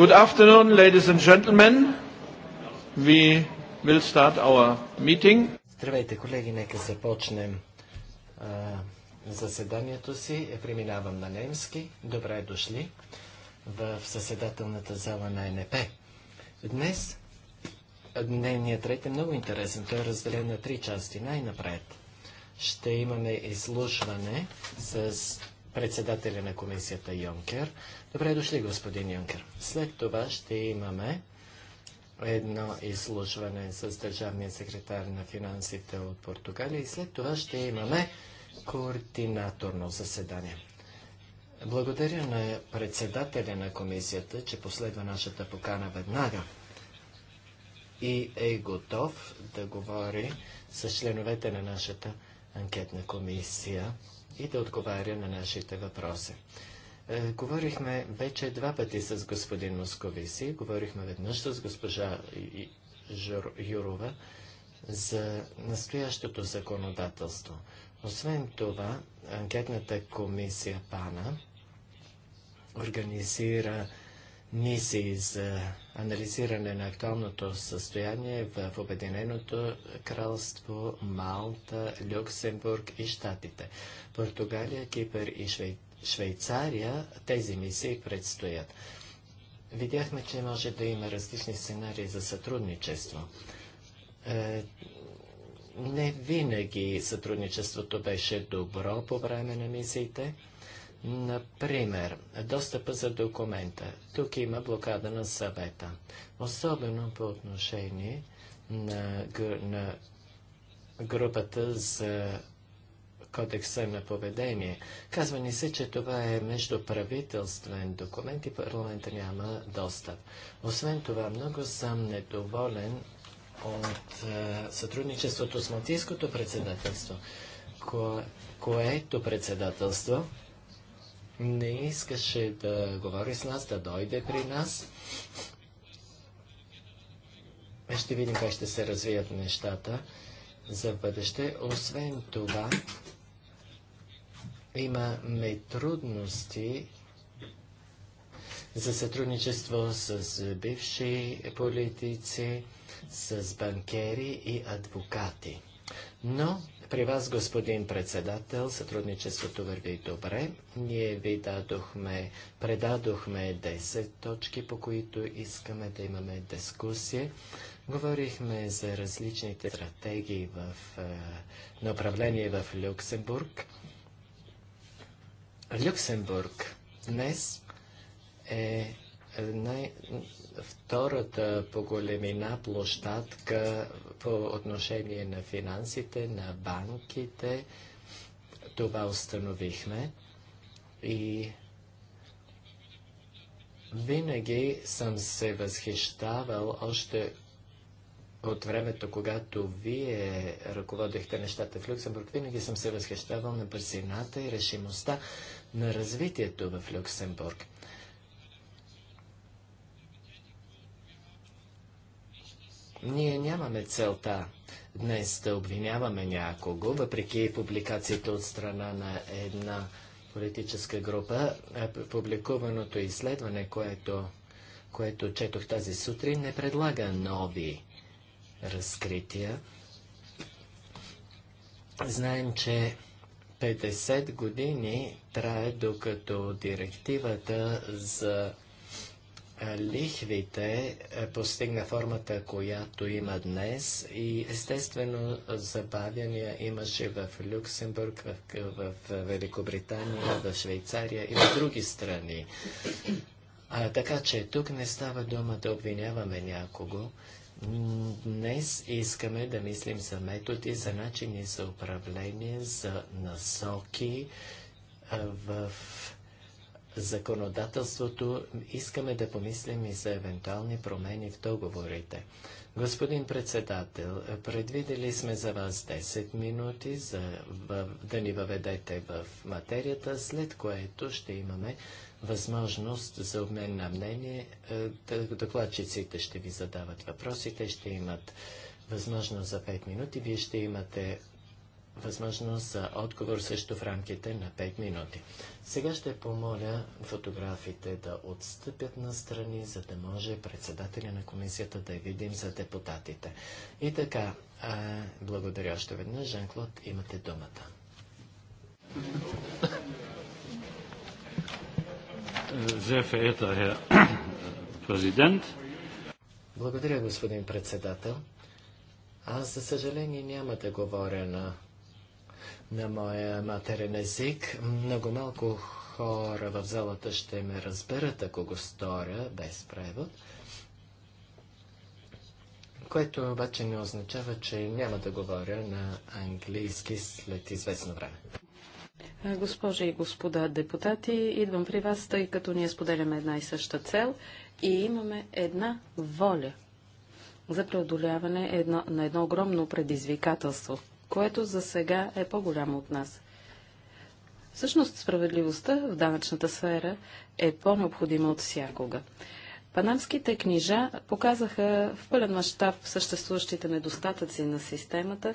Good afternoon, ladies and gentlemen. We will start our meeting. Здравейте, колеги, нека започнем заседанието си. Преминавам на немски. Добре дошли в съседателната зала на НП. Днес дневният ред е много интересен. Той е разделен на три части. Най-напред ще имаме изслушване с председателя на комисията Йонкер. Добре дошли, господин Йонкер. След това ще имаме едно изслушване с държавния секретар на финансите от Португалия и след това ще имаме координаторно заседание. Благодаря на председателя на комисията, че последва нашата покана веднага и е готов да говори с членовете на нашата анкетна комисия и да отговаря на нашите въпроси. Е, говорихме вече два пъти с господин Московиси, говорихме веднъж с госпожа Юрова за настоящото законодателство. Освен това, анкетната комисия ПАНА организира мисии за анализиране на актуалното състояние в Обединеното кралство, Малта, Люксембург и Штатите. Португалия, Кипър и Швей... Швейцария тези мисии предстоят. Видяхме, че може да има различни сценарии за сътрудничество. Е, не винаги сътрудничеството беше добро по време на мисиите. Например, достъпа за документа. Тук има блокада на съвета. Особено по отношение на, на групата за кодекса на поведение. Казва ни се, че това е междуправителствен документ и парламента няма достъп. Освен това, много съм недоволен от е, сътрудничеството с Малтийското председателство, кое, което председателство не искаше да говори с нас, да дойде при нас. Ще видим как ще се развият нещата за бъдеще. Освен това, имаме трудности за сътрудничество с бивши политици, с банкери и адвокати. Но при вас, господин председател, сътрудничеството върви добре. Ние ви дадохме, предадохме 10 точки, по които искаме да имаме дискусия. Говорихме за различните стратегии в, е, на управление в Люксембург. Люксембург днес е най- втората по големина площадка по отношение на финансите, на банките. Това установихме и винаги съм се възхищавал още от времето, когато вие ръководихте нещата в Люксембург, винаги съм се възхищавал на бързината и решимостта на развитието в Люксембург. Ние нямаме целта днес да обвиняваме някого, въпреки публикацията от страна на една политическа група. Публикуваното изследване, което, което четох тази сутрин, не предлага нови разкрития. Знаем, че 50 години трае докато директивата за лихвите е, постигна формата, която има днес и естествено забавяния имаше в Люксембург, в, Великобритания, в Швейцария и в други страни. А, така че тук не става дума да обвиняваме някого. Днес искаме да мислим за методи, за начини за управление, за насоки в законодателството, искаме да помислим и за евентуални промени в договорите. Господин председател, предвидели сме за вас 10 минути за, в, да ни въведете в материята, след което ще имаме възможност за обмен на мнение. Е, докладчиците ще ви задават въпросите, ще имат възможност за 5 минути. Вие ще имате възможност за отговор също в рамките на 5 минути. Сега ще помоля фотографите да отстъпят на страни, за да може председателя на комисията да видим за депутатите. И така, а, благодаря още веднъж. Жан-Клод, имате думата. благодаря, господин председател. Аз, за съжаление, няма да говоря на на моя матерен език. Много малко хора в залата ще ме разберат, ако го сторя без превод. Което обаче не означава, че няма да говоря на английски след известно време. Госпожи и господа депутати, идвам при вас, тъй като ние споделяме една и съща цел и имаме една воля за преодоляване едно, на едно огромно предизвикателство – което за сега е по-голямо от нас. Всъщност справедливостта в данъчната сфера е по-необходима от всякога. Панамските книжа показаха в пълен мащаб съществуващите недостатъци на системата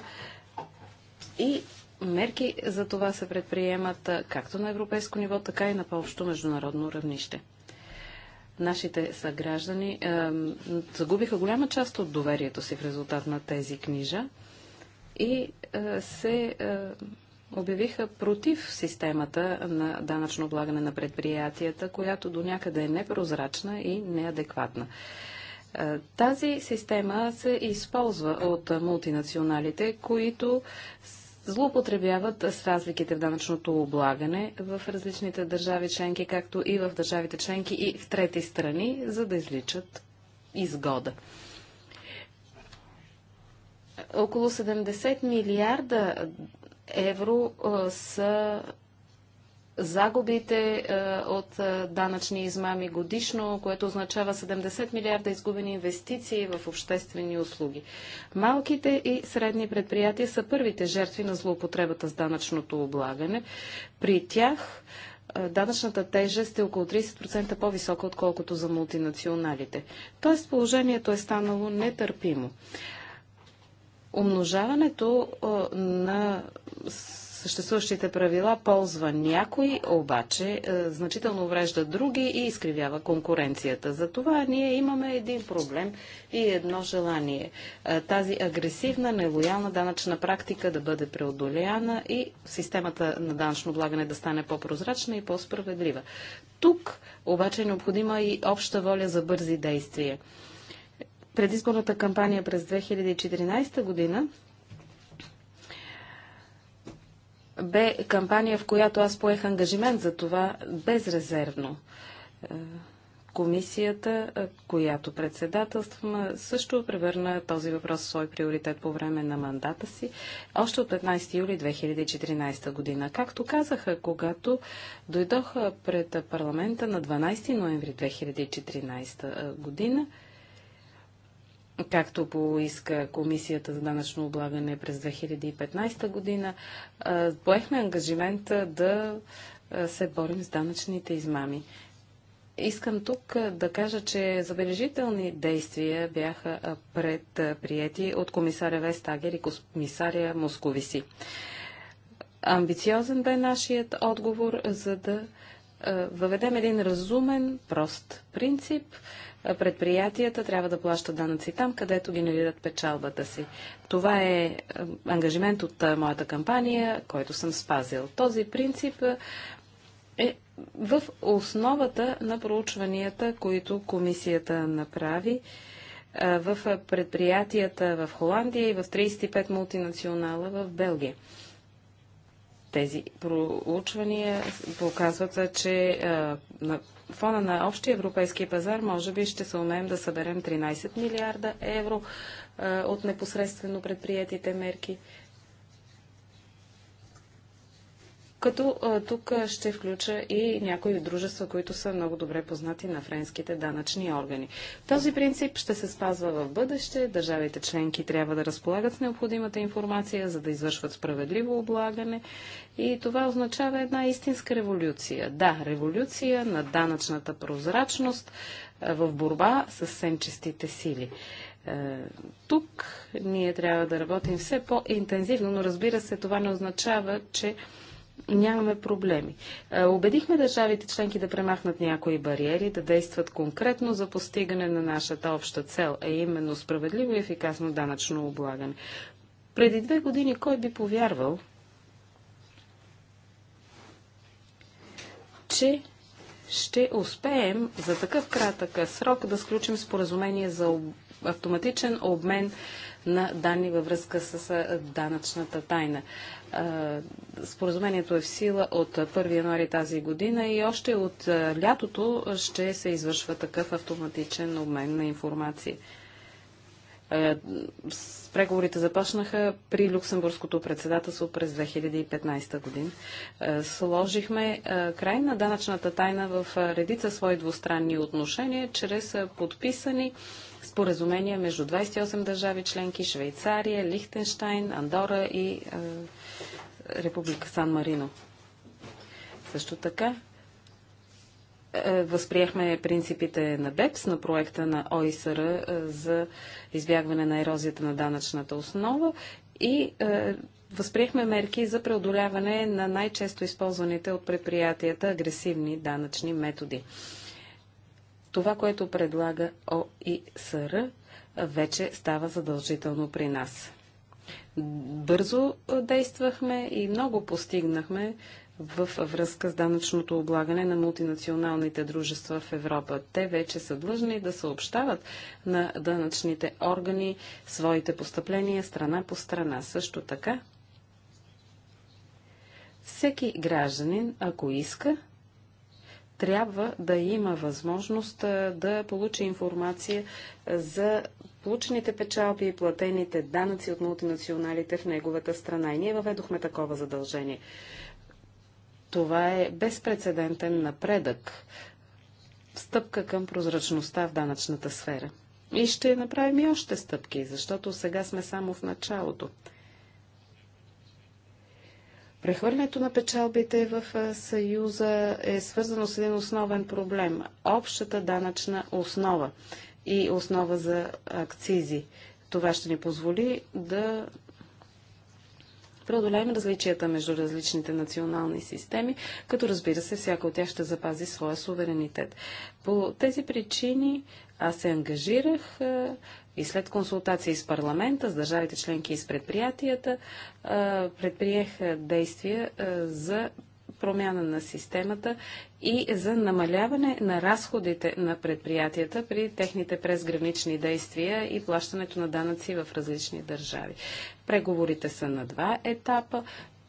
и мерки за това се предприемат както на европейско ниво, така и на по-общо международно равнище. Нашите съграждани е, загубиха голяма част от доверието си в резултат на тези книжа и се обявиха против системата на данъчно облагане на предприятията, която до някъде е непрозрачна и неадекватна. Тази система се използва от мултинационалите, които злоупотребяват с разликите в данъчното облагане в различните държави членки, както и в държавите членки и в трети страни, за да изличат изгода. Около 70 милиарда евро са загубите от данъчни измами годишно, което означава 70 милиарда изгубени инвестиции в обществени услуги. Малките и средни предприятия са първите жертви на злоупотребата с данъчното облагане. При тях данъчната тежест е около 30% по-висока, отколкото за мултинационалите. Тоест положението е станало нетърпимо. Умножаването на съществуващите правила ползва някой, обаче значително врежда други и изкривява конкуренцията. За това ние имаме един проблем и едно желание. тази агресивна, нелоялна данъчна практика да бъде преодоляна и системата на данъчно облагане да стане по-прозрачна и по-справедлива. Тук обаче е необходима и обща воля за бързи действия предизборната кампания през 2014 година бе кампания, в която аз поех ангажимент за това безрезервно. Е, комисията, е, която председателствам, е, също превърна този въпрос в свой приоритет по време на мандата си, още от 15 юли 2014 година. Както казаха, когато дойдоха пред парламента на 12 ноември 2014 година, както поиска Комисията за данъчно облагане през 2015 година, поехме ангажимента да се борим с данъчните измами. Искам тук да кажа, че забележителни действия бяха предприяти от комисаря Вестагер и комисаря Московиси. Амбициозен бе нашият отговор, за да въведем един разумен, прост принцип, предприятията трябва да плащат данъци там, където генерират печалбата си. Това е, е ангажимент от е, моята кампания, който съм спазил. Този принцип е, е в основата на проучванията, които комисията направи в предприятията в Холандия и в 35 мултинационала в Белгия. Тези проучвания показват, че на фона на общия европейски пазар може би ще се умеем да съберем 13 милиарда евро от непосредствено предприятите мерки. като а, тук ще включа и някои дружества, които са много добре познати на френските данъчни органи. Този принцип ще се спазва в бъдеще. Държавите членки трябва да разполагат с необходимата информация, за да извършват справедливо облагане. И това означава една истинска революция. Да, революция на данъчната прозрачност в борба с сенчестите сили. Е, тук ние трябва да работим все по-интензивно, но разбира се, това не означава, че нямаме проблеми. Обедихме е, държавите членки да премахнат някои бариери, да действат конкретно за постигане на нашата обща цел, а именно справедливо и ефикасно данъчно облагане. Преди две години кой би повярвал, че ще успеем за такъв кратък срок да сключим споразумение за автоматичен обмен на данни във връзка с данъчната тайна. Споразумението е в сила от 1 януари тази година и още от лятото ще се извършва такъв автоматичен обмен на информация. Преговорите започнаха при Люксембургското председателство през 2015 година. Сложихме край на данъчната тайна в редица свои двустранни отношения чрез подписани споразумения между 28 държави членки Швейцария, Лихтенштайн, Андора и Република Сан Марино. Също така е, възприехме принципите на БЕПС, на проекта на ОИСР е, за избягване на ерозията на данъчната основа и е, възприехме мерки за преодоляване на най-често използваните от предприятията агресивни данъчни методи. Това, което предлага ОИСР, вече става задължително при нас. Бързо действахме и много постигнахме в връзка с данъчното облагане на мултинационалните дружества в Европа. Те вече са длъжни да съобщават на данъчните органи своите постъпления страна по страна. Също така, всеки гражданин, ако иска, трябва да има възможност да получи информация за получените печалби и платените данъци от мултинационалите в неговата страна. И ние въведохме такова задължение. Това е безпредседентен напредък, стъпка към прозрачността в данъчната сфера. И ще направим и още стъпки, защото сега сме само в началото. Прехвърлянето на печалбите в Съюза е свързано с един основен проблем – общата данъчна основа и основа за акцизи. Това ще ни позволи да преодолеем различията между различните национални системи, като разбира се, всяка от тях ще запази своя суверенитет. По тези причини аз се ангажирах и след консултации с парламента, с държавите членки и с предприятията, предприеха предприех действия за промяна на системата и за намаляване на разходите на предприятията при техните презгранични действия и плащането на данъци в различни държави. Преговорите са на два етапа.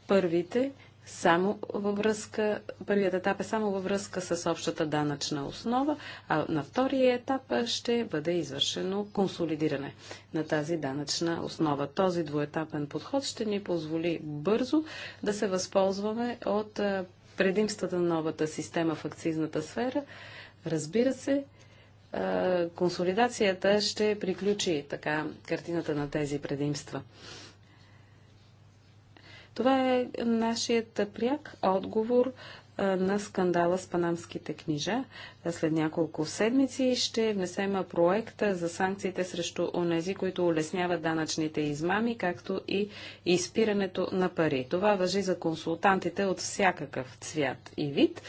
Първите – само във връзка, първият етап е само във връзка с общата данъчна основа, а на втория етап ще бъде извършено консолидиране на тази данъчна основа. Този двуетапен подход ще ни позволи бързо да се възползваме от предимствата на новата система в акцизната сфера. Разбира се, консолидацията ще приключи така картината на тези предимства. Това е нашият пряк отговор на скандала с панамските книжа. След няколко седмици ще внесем проекта за санкциите срещу онези, които улесняват данъчните измами, както и изпирането на пари. Това въжи за консултантите от всякакъв цвят и вид.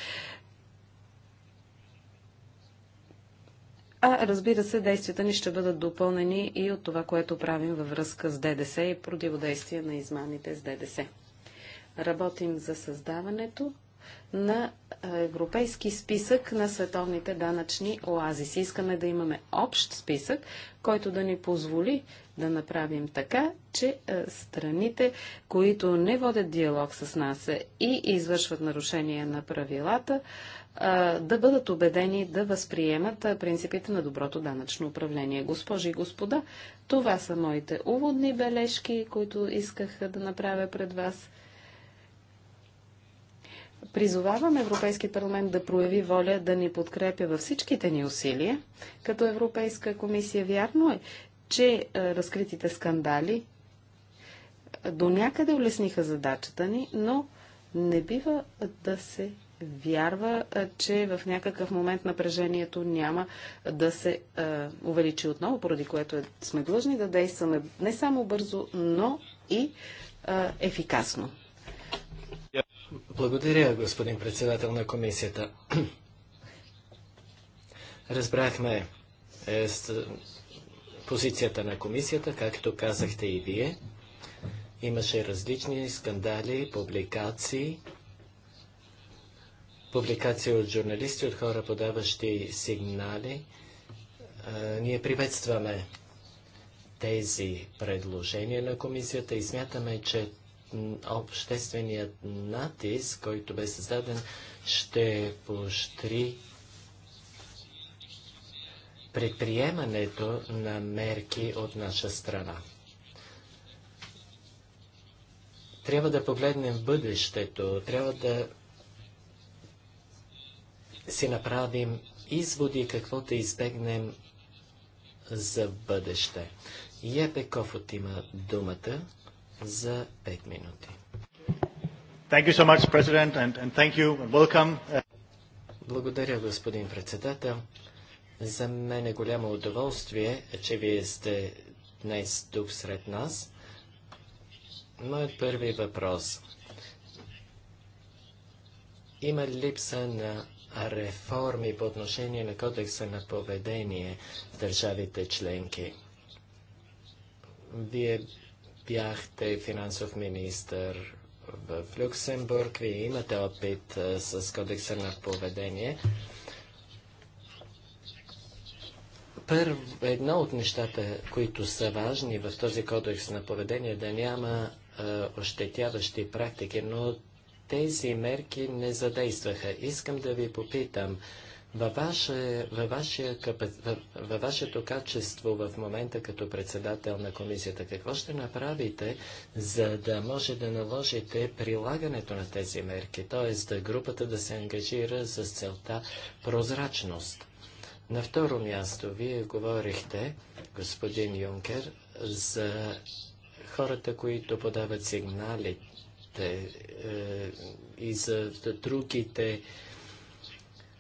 А разбира се, действията ни ще бъдат допълнени и от това, което правим във връзка с ДДС и противодействие на измамите с ДДС. Работим за създаването на европейски списък на световните данъчни оазиси. Искаме да имаме общ списък, който да ни позволи да направим така, че страните, които не водят диалог с нас и извършват нарушения на правилата, да бъдат убедени да възприемат принципите на доброто данъчно управление. Госпожи и господа, това са моите уводни бележки, които исках да направя пред вас. Призовавам Европейски парламент да прояви воля да ни подкрепя във всичките ни усилия. Като Европейска комисия вярно е, че разкритите скандали до някъде улесниха задачата ни, но не бива да се вярва, че в някакъв момент напрежението няма да се увеличи отново, поради което е, сме длъжни да действаме не само бързо, но и ефикасно. Благодаря, господин председател на комисията. Разбрахме е, позицията на комисията, както казахте и вие. Имаше различни скандали, публикации публикации от журналисти, от хора, подаващи сигнали. А, ние приветстваме тези предложения на комисията и смятаме, че общественият натиск, който бе създаден, ще поощри предприемането на мерки от наша страна. Трябва да погледнем в бъдещето, трябва да си направим изводи какво да избегнем за бъдеще. Епе Кофот има думата за 5 минути. Thank you so much, President, and, and thank you and welcome. Благодаря, господин председател. За мен е голямо удоволствие, че вие сте днес тук сред нас. Моят първи въпрос. Има липса на реформи по отношение на кодекса на поведение в държавите членки. Вие бяхте финансов министр в Люксембург, вие имате опит с кодекса на поведение. Първо, едно от нещата, които са важни в този кодекс на поведение, е да няма ощетяващи практики, но тези мерки не задействаха. Искам да ви попитам, във, ваше, във, ваше, във, във вашето качество в момента като председател на комисията, какво ще направите, за да може да наложите прилагането на тези мерки, т.е. да групата да се ангажира с целта прозрачност? На второ място, вие говорихте, господин Юнкер, за хората, които подават сигнали другите е, и за другите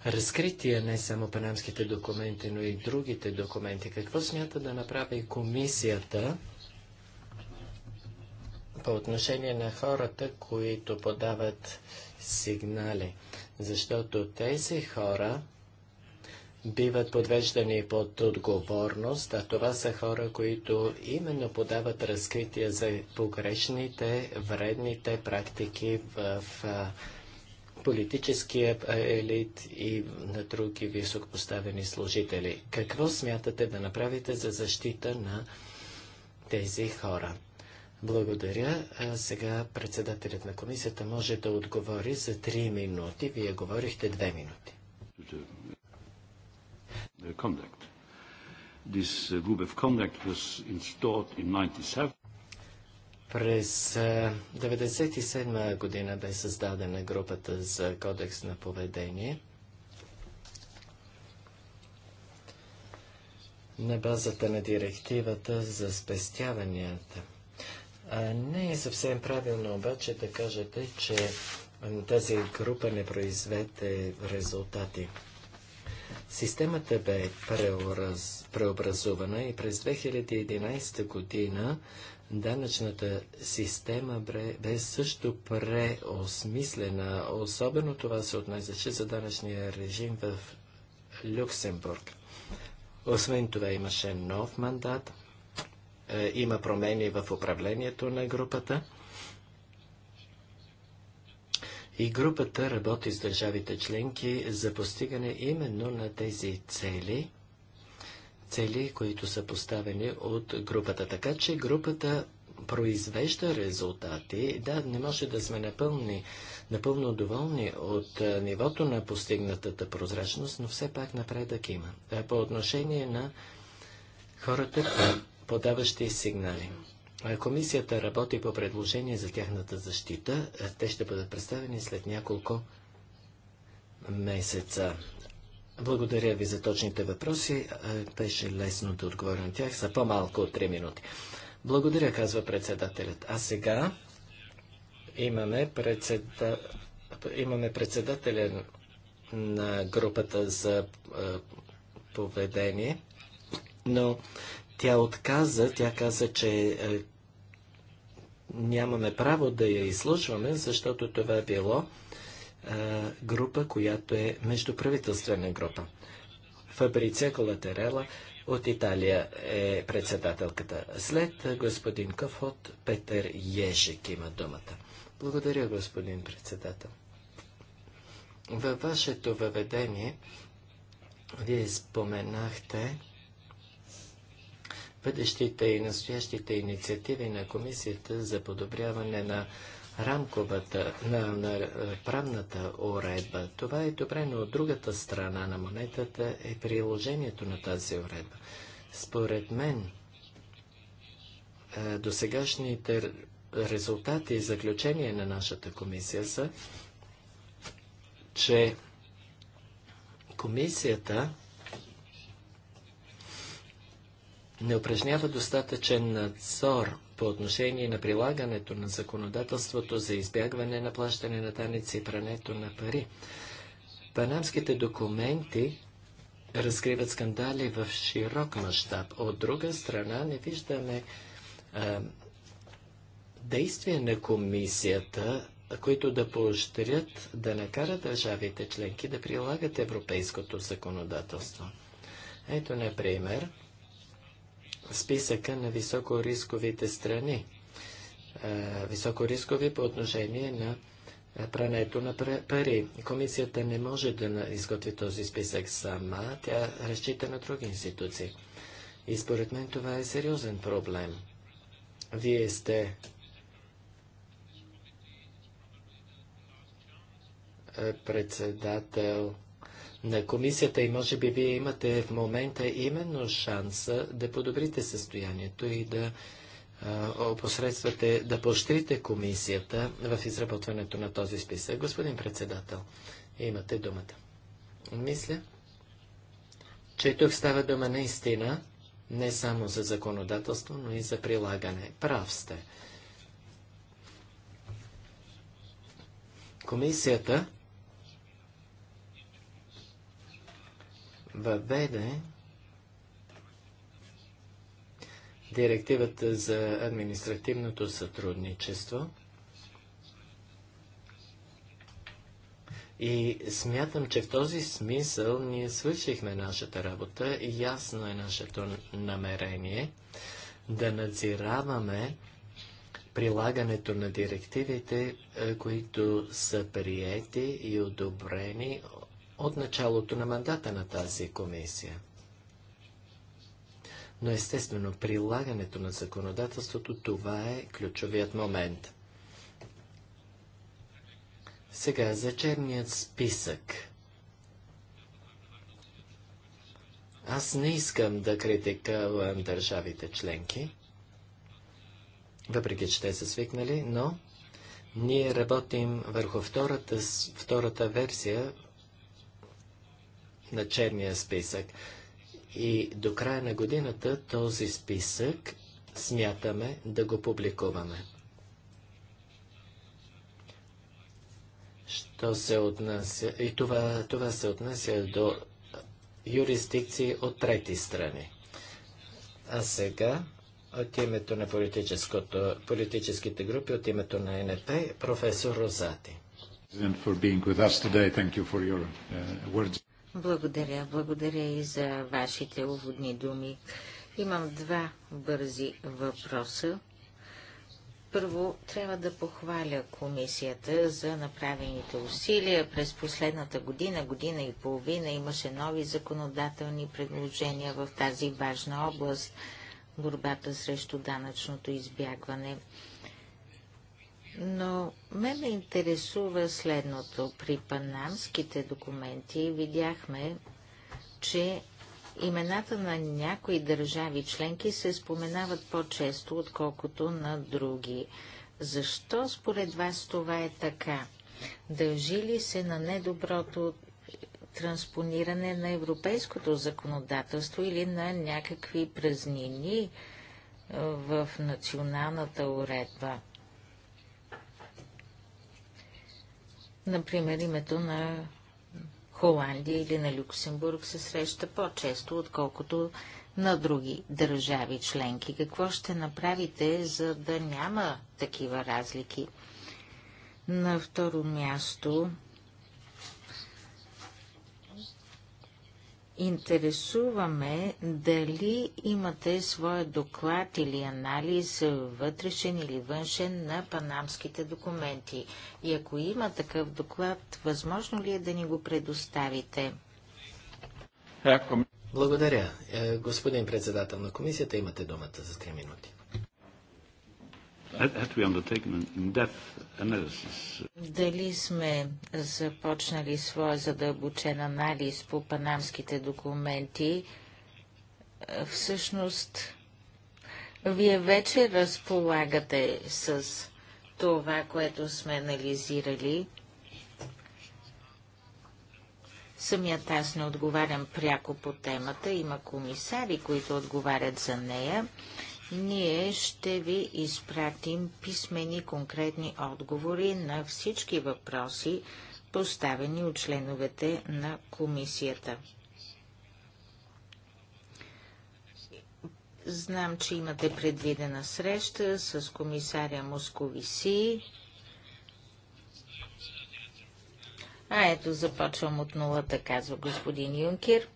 разкрития, не само панамските документи, но и другите документи. Какво смята да направи комисията по отношение на хората, които подават сигнали? Защото тези хора биват подвеждани под отговорност, а това са хора, които именно подават разкритие за погрешните, вредните практики в, в политическия елит и на други високопоставени служители. Какво смятате да направите за защита на тези хора? Благодаря. А сега председателят на комисията може да отговори за 3 минути. Вие говорихте 2 минути conduct. This uh, group of conduct was installed in 97. През 1997 uh, година бе създадена групата за кодекс на поведение на базата на директивата за спестяванията. Не е съвсем правилно обаче да кажете, че тази група не произведе резултати. Системата бе преораз, преобразувана и през 2011 година данъчната система бе, бе също преосмислена. Особено това се отнасяше за данъчния режим в Люксембург. Освен това имаше нов мандат, е, има промени в управлението на групата. И групата работи с държавите членки за постигане именно на тези цели, цели, които са поставени от групата. Така че групата произвежда резултати. Да, не може да сме напълни, напълно доволни от нивото на постигнатата прозрачност, но все пак напредък има. Е, по отношение на хората, подаващи сигнали. Комисията работи по предложение за тяхната защита. Те ще бъдат представени след няколко месеца. Благодаря ви за точните въпроси. Беше лесно да отговоря на тях за по-малко от 3 минути. Благодаря, казва председателят. А сега имаме, председа... имаме председателя на групата за поведение, но тя отказа, тя каза, че е, нямаме право да я изслушваме, защото това било е, група, която е междуправителствена група. Фабриция Колатерела от Италия е председателката. След е, господин Кафот, Петър Ежик има думата. Благодаря, господин председател. Във вашето въведение вие споменахте бъдещите и настоящите инициативи на Комисията за подобряване на рамковата, на, на правната уредба. Това е добре, но от другата страна на монетата е приложението на тази уредба. Според мен, е, досегашните резултати и заключения на нашата комисия са, че комисията не упражнява достатъчен надзор по отношение на прилагането на законодателството за избягване на плащане на данъци и прането на пари. Панамските документи разкриват скандали в широк мащаб. От друга страна не виждаме а, действия на комисията, които да поощрят, да накарат държавите членки да прилагат европейското законодателство. Ето, например, списъка на високорисковите страни. Високорискови по отношение на прането на пари. Комисията не може да изготви този списък сама, тя разчита на други институции. И според мен това е сериозен проблем. Вие сте председател на комисията и може би вие имате в момента именно шанса да подобрите състоянието и да опосредствате, да поощрите комисията в изработването на този списък. Господин председател, имате думата. Мисля, че тук става дума наистина не само за законодателство, но и за прилагане. Прав сте. Комисията въведе директивата за административното сътрудничество. И смятам, че в този смисъл ние свършихме нашата работа и ясно е нашето намерение да надзираваме прилагането на директивите, е, които са приети и одобрени от началото на мандата на тази комисия. Но естествено, прилагането на законодателството, това е ключовият момент. Сега за черният списък. Аз не искам да критикувам държавите членки, въпреки че те са свикнали, но ние работим върху втората, втората версия на черния списък. И до края на годината този списък смятаме да го публикуваме. Що се отнася, и това, това се отнася до юрисдикции от трети страни. А сега от името на политическите групи, от името на НП, професор Розати. Благодаря. Благодаря и за вашите уводни думи. Имам два бързи въпроса. Първо, трябва да похваля комисията за направените усилия. През последната година, година и половина имаше нови законодателни предложения в тази важна област – борбата срещу данъчното избягване. Но ме ме интересува следното. При панамските документи видяхме, че имената на някои държави членки се споменават по-често, отколкото на други. Защо според вас това е така? Дължи ли се на недоброто транспониране на европейското законодателство или на някакви празнини в националната уредба? Например, името на Холандия или на Люксембург се среща по-често, отколкото на други държави членки. Какво ще направите, за да няма такива разлики? На второ място, интересуваме дали имате своя доклад или анализ, вътрешен или външен, на панамските документи. И ако има такъв доклад, възможно ли е да ни го предоставите? Благодаря. Е, господин председател на комисията, имате думата за 3 минути. Дали сме започнали своя задълбочен анализ по панамските документи? Е, всъщност, вие вече разполагате с това, което сме анализирали. Самият аз не отговарям пряко по темата. Има комисари, които отговарят за нея ние ще ви изпратим писмени конкретни отговори на всички въпроси, поставени от членовете на комисията. Знам, че имате предвидена среща с комисаря Московиси. А ето, започвам от нулата, казва господин Юнкер.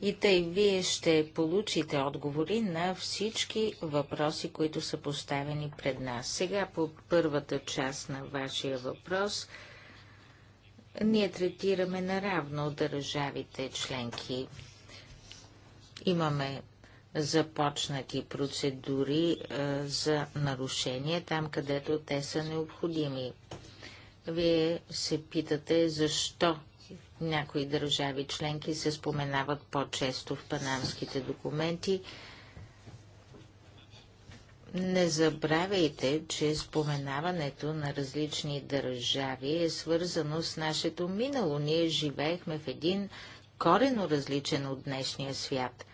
И тъй вие ще получите отговори на всички въпроси, които са поставени пред нас. Сега по първата част на вашия въпрос ние третираме наравно държавите членки. Имаме започнати процедури за нарушения там, където те са необходими. Вие се питате защо някои държави членки се споменават по-често в панамските документи. Не забравяйте, че споменаването на различни държави е свързано с нашето минало. Ние живеехме в един корено различен от днешния свят.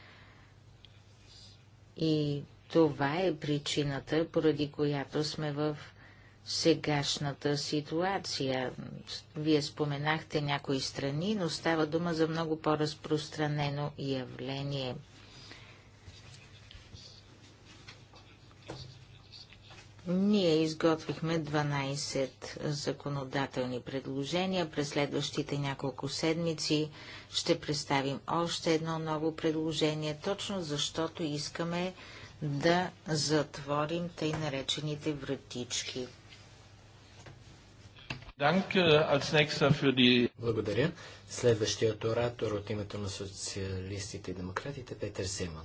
И това е причината, поради която сме в сегашната ситуация. Вие споменахте някои страни, но става дума за много по-разпространено явление. Ние изготвихме 12 законодателни предложения. През следващите няколко седмици ще представим още едно ново предложение, точно защото искаме да затворим тъй наречените вратички. Благодаря. Следващият оратор от името на социалистите и демократите Петър Симон.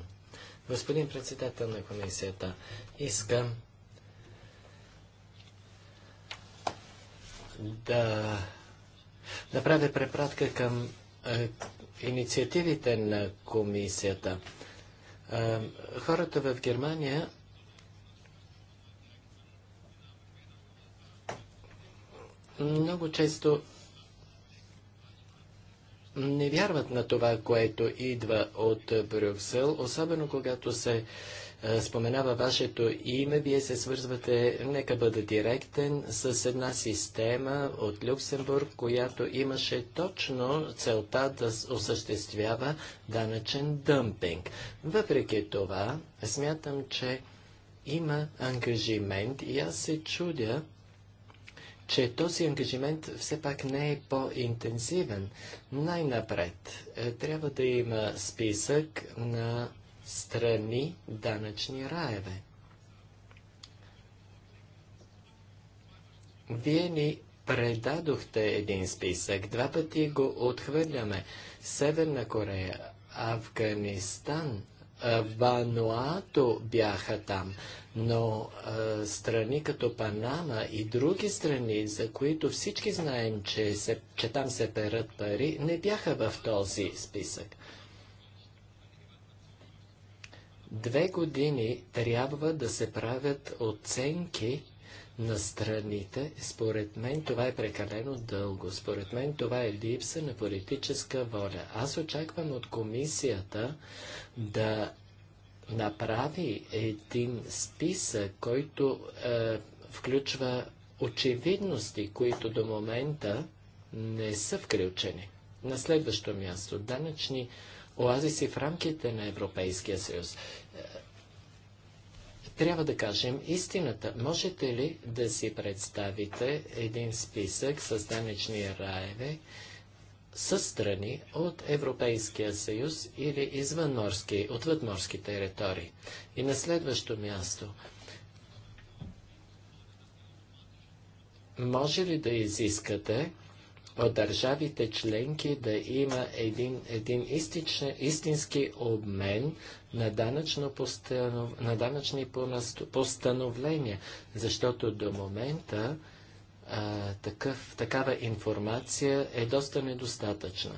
Господин председател на комисията, искам да направя препратка към е, инициативите на комисията. Е, хората в Германия много често не вярват на това, което идва от Брюксел, особено когато се споменава вашето име, вие се свързвате, нека бъда директен, с една система от Люксембург, която имаше точно целта да осъществява данъчен дъмпинг. Въпреки това, смятам, че има ангажимент и аз се чудя че този ангажимент все пак не е по-интензивен. Най-напред е, трябва да има списък на страни данъчни раеве. Вие ни предадохте един списък. Два пъти го отхвърляме. Северна Корея, Афганистан, е, Вануато бяха там. Но е, страни като Панама и други страни, за които всички знаем, че, се, че там се перат пари, не бяха в този списък. Две години трябва да се правят оценки на страните. Според мен това е прекалено дълго. Според мен това е липса на политическа воля. Аз очаквам от комисията да направи един списък, който е, включва очевидности, които до момента не са включени. На следващо място данъчни оазиси в рамките на Европейския съюз. Е, трябва да кажем истината. Можете ли да си представите един списък с данъчни раеве, са страни от Европейския съюз или извънморски, отвъдморски територии. И на следващо място, може ли да изискате от държавите членки да има един, един истичен, истински обмен на, данъчно постанов, на данъчни постановления, защото до момента а, такъв, такава информация е доста недостатъчна.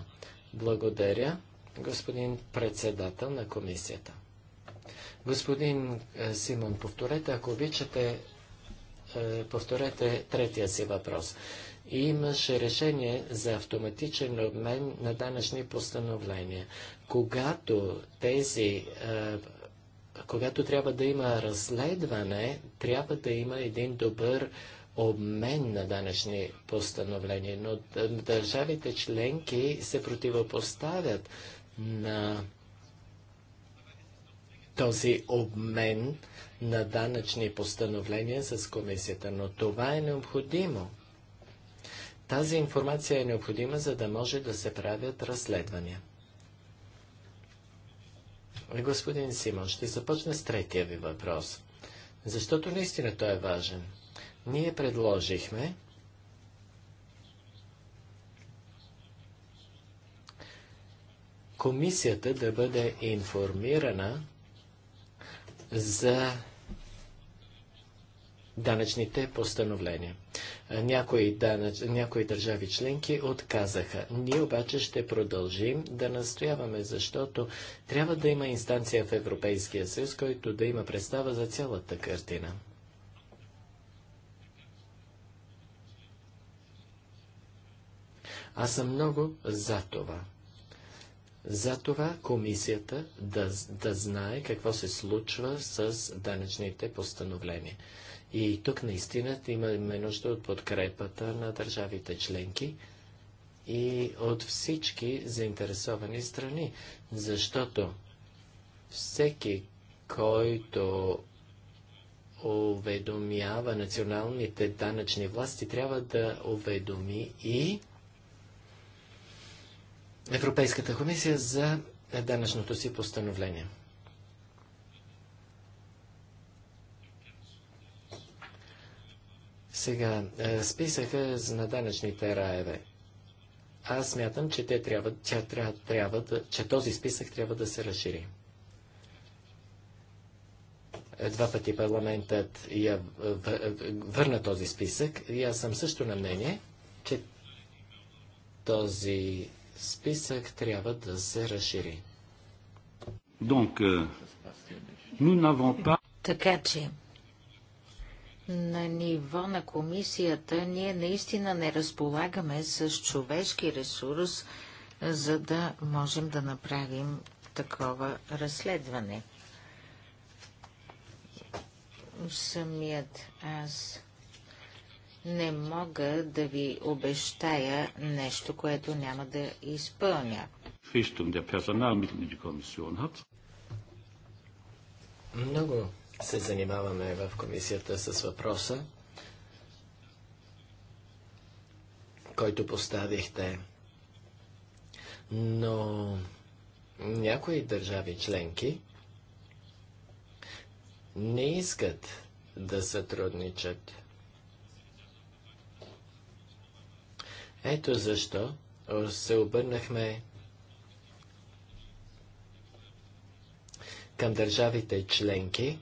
Благодаря, господин председател на комисията. Господин Симон, повторете, ако обичате, повторете третия си въпрос. Имаше решение за автоматичен обмен на данъчни постановления. Когато тези когато трябва да има разследване, трябва да има един добър обмен на данъчни постановления, но държавите членки се противопоставят на този обмен на данъчни постановления с комисията, но това е необходимо. Тази информация е необходима, за да може да се правят разследвания. Господин Симон, ще започна с третия ви въпрос, защото наистина той е важен – ние предложихме комисията да бъде информирана за данъчните постановления. Някои, данъч... Някои държави членки отказаха. Ние обаче ще продължим да настояваме, защото трябва да има инстанция в Европейския съюз, който да има представа за цялата картина. Аз съм много за това. За това комисията да, да знае какво се случва с данъчните постановления. И тук наистина имаме нужда от подкрепата на държавите членки и от всички заинтересовани страни, защото всеки, който уведомява националните данъчни власти, трябва да уведоми и Европейската комисия за данъчното си постановление. Сега, е, списъка на данъчните раеве. Аз смятам, че, те трябва, че, трябва, трябва да, че този списък трябва да се разшири. Е, два пъти парламентът я върна този списък и аз съм също на мнение, че този списък трябва да се разшири. Donc, euh, pas... Така че, на ниво на комисията ние наистина не разполагаме с човешки ресурс, за да можем да направим такова разследване. Самият аз не мога да ви обещая нещо, което няма да изпълня. Много се занимаваме в комисията с въпроса, който поставихте. Но някои държави членки не искат да сътрудничат Ето защо се обърнахме към държавите членки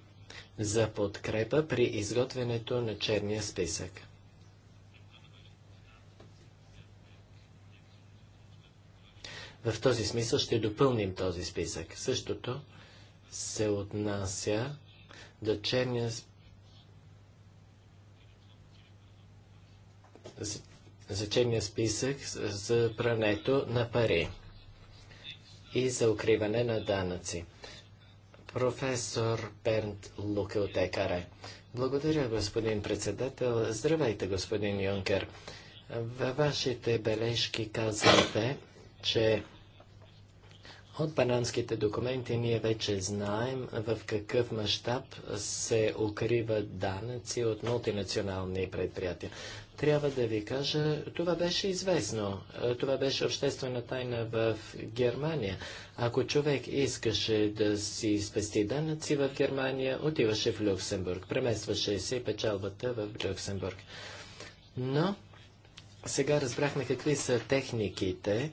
за подкрепа при изготвянето на черния списък. В този смисъл ще допълним този списък. Същото се отнася до черния за черния списък за прането на пари и за укриване на данъци. Професор Бернт Луке от ЕКАРЕ. Благодаря, господин председател. Здравейте, господин Юнкер. Във вашите бележки казвате, че от панамските документи ние вече знаем в какъв мащаб се укриват данъци от мултинационални предприятия. Трябва да ви кажа, това беше известно. Това беше обществена тайна в Германия. Ако човек искаше да си спести данъци в Германия, отиваше в Люксембург. Преместваше се и печалбата в Люксембург. Но сега разбрахме какви са техниките,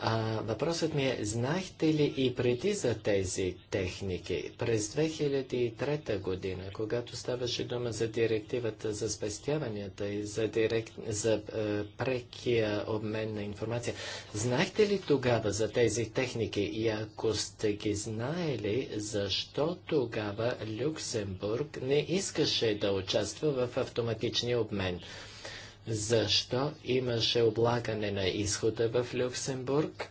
а, въпросът ми е, знаехте ли и преди за тези техники? През 2003 година, когато ставаше дума за директивата за спестяванията и за, директ... за е, прекия обмен на информация, знаехте ли тогава за тези техники? И ако сте ги знаели, защо тогава Люксембург не искаше да участва в автоматичния обмен? защо имаше облагане на изхода в Люксембург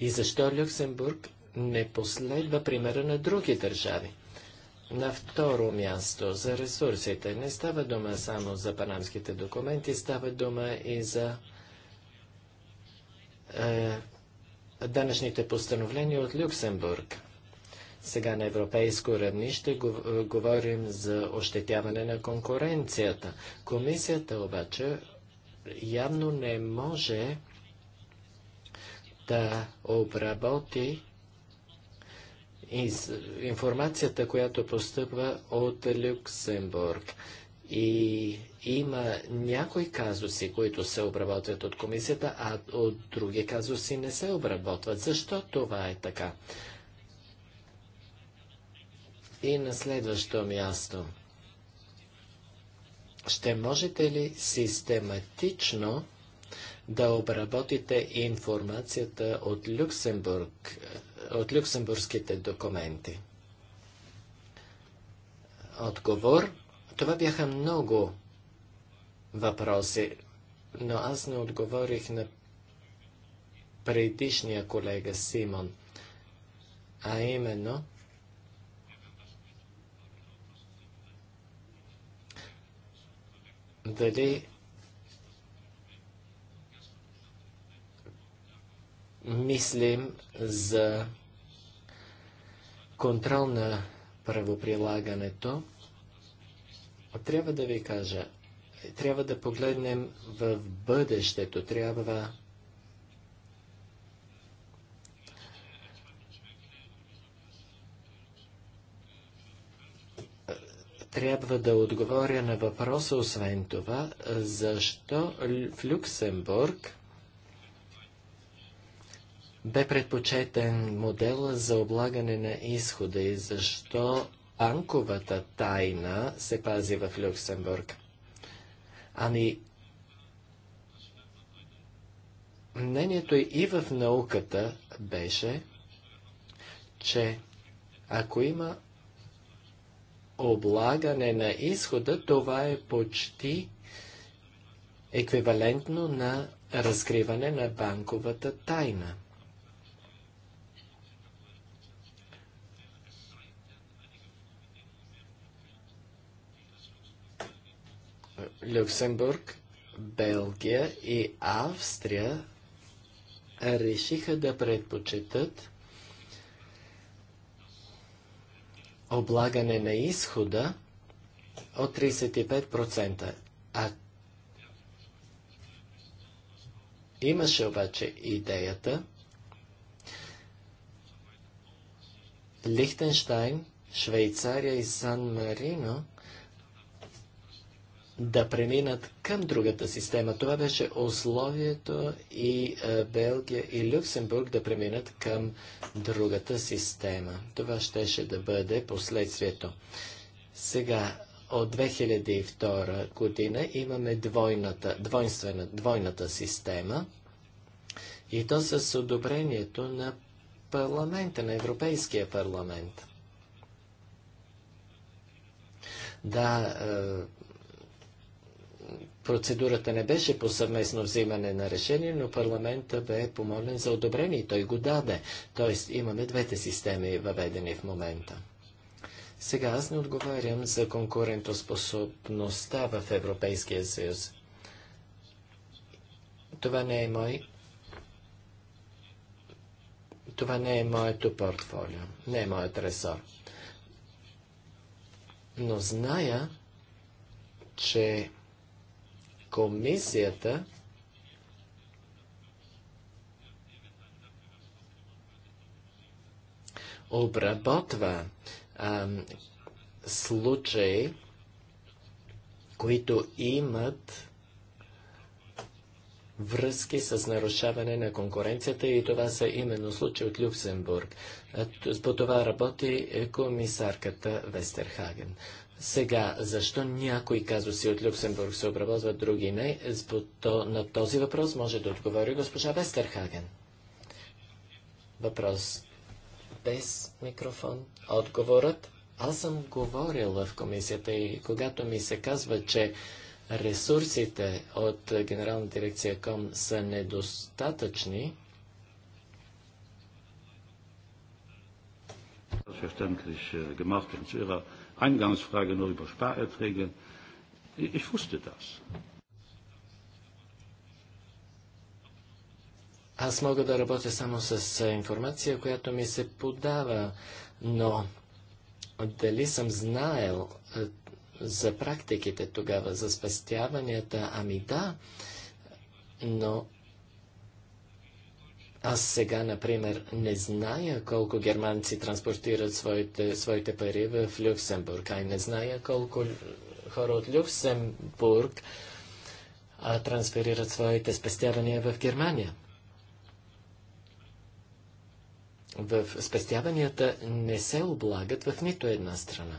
и защо Люксембург не последва примера на други държави. На второ място, за ресурсите. Не става дума само за панамските документи, става дума и за е, данъчните постановления от Люксембург. Сега на европейско равнище е, говорим за ощетяване на конкуренцията. Комисията обаче явно не може да обработи информацията, която постъпва от Люксембург. И има някои казуси, които се обработват от комисията, а от други казуси не се обработват. Защо това е така? И на следващо място. Ще можете ли систематично да обработите информацията от, Люксембург, от люксембургските документи? Отговор. Това бяха много въпроси, но аз не отговорих на предишния колега Симон, а именно – дали мислим за контрол на правоприлагането, трябва да ви кажа, трябва да погледнем в бъдещето, трябва трябва да отговоря на въпроса, освен това, защо в Люксембург бе предпочетен модел за облагане на изхода и защо банковата тайна се пази в Люксембург. Ами, мнението и в науката беше, че ако има облагане на изхода, това е почти еквивалентно на разкриване на банковата тайна. Люксембург, Белгия и Австрия решиха да предпочитат облагане на изхода от 35%. А имаше обаче идеята Лихтенштайн, Швейцария и Сан Марино да преминат към другата система. Това беше условието и е, Белгия и Люксембург да преминат към другата система. Това щеше да бъде последствието. Сега, от 2002 година имаме двойната, двойствена, двойната система и то с одобрението на парламента, на Европейския парламент. Да, е, Процедурата не беше по съвместно взимане на решение, но парламента бе помолен за одобрение и той го даде. Тоест имаме двете системи въведени в момента. Сега аз не отговарям за конкурентоспособността в Европейския съюз. Това не е мой това не е моето портфолио, не е моят ресор. Но зная, че Комисията обработва а, случаи, които имат връзки с нарушаване на конкуренцията и това са именно случаи от Люксембург. По това работи е, комисарката Вестерхаген. Сега, защо някои казуси от Люксембург се обработват, други не? На този въпрос може да отговори госпожа Вестерхаген. Въпрос без микрофон. Отговорът. Аз съм говорила в комисията и когато ми се казва, че ресурсите от Генерална дирекция КОМ са недостатъчни, Selbstverständlich gemacht und ihrer Eingangsfrage nur über Sparerträge. Ich wusste das. Аз мога да работя само с е, информация, която ми се подава, но дали съм знаел е, за практиките тогава, за спестяванията, ами да, но аз сега, например, не зная колко германци транспортират своите, своите пари в Люксембург, а и не зная колко хора от Люксембург а, трансферират своите спестявания в Германия. В спестяванията не се облагат в нито една страна.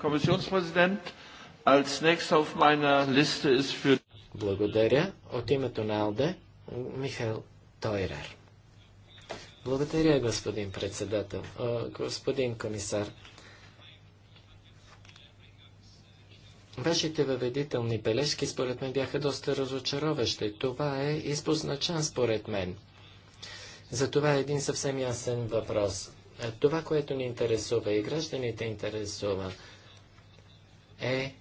Комисионспрезидент, als nächst auf meiner Liste ist für благодаря. От името на Алде, Михаил Тойрер. Благодаря, господин председател. Е, господин комисар, Вашите въведителни бележки според мен бяха доста разочароващи. Това е изпусна според мен. Затова е един съвсем ясен въпрос. Е, това, което ни интересува и гражданите интересува, е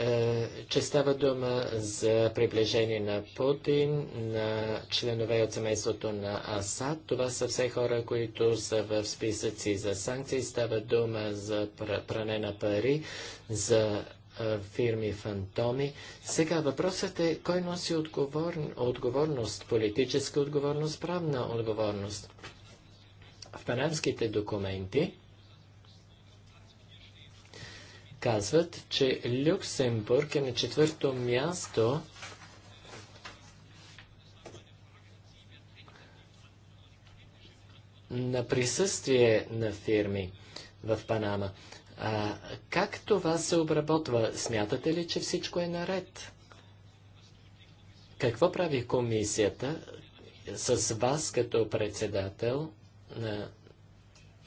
е, че става дума за приближение на Путин, на членове от семейството на Асад. Това са все хора, които са в списъци за санкции. Става дума за пране на пари, за фирми фантоми. Сега въпросът е кой носи отговор... отговорност, политическа отговорност, правна отговорност. В панамските документи казват, че Люксембург е на четвърто място на присъствие на фирми в Панама. А, как това се обработва? Смятате ли, че всичко е наред? Какво прави комисията с вас като председател на,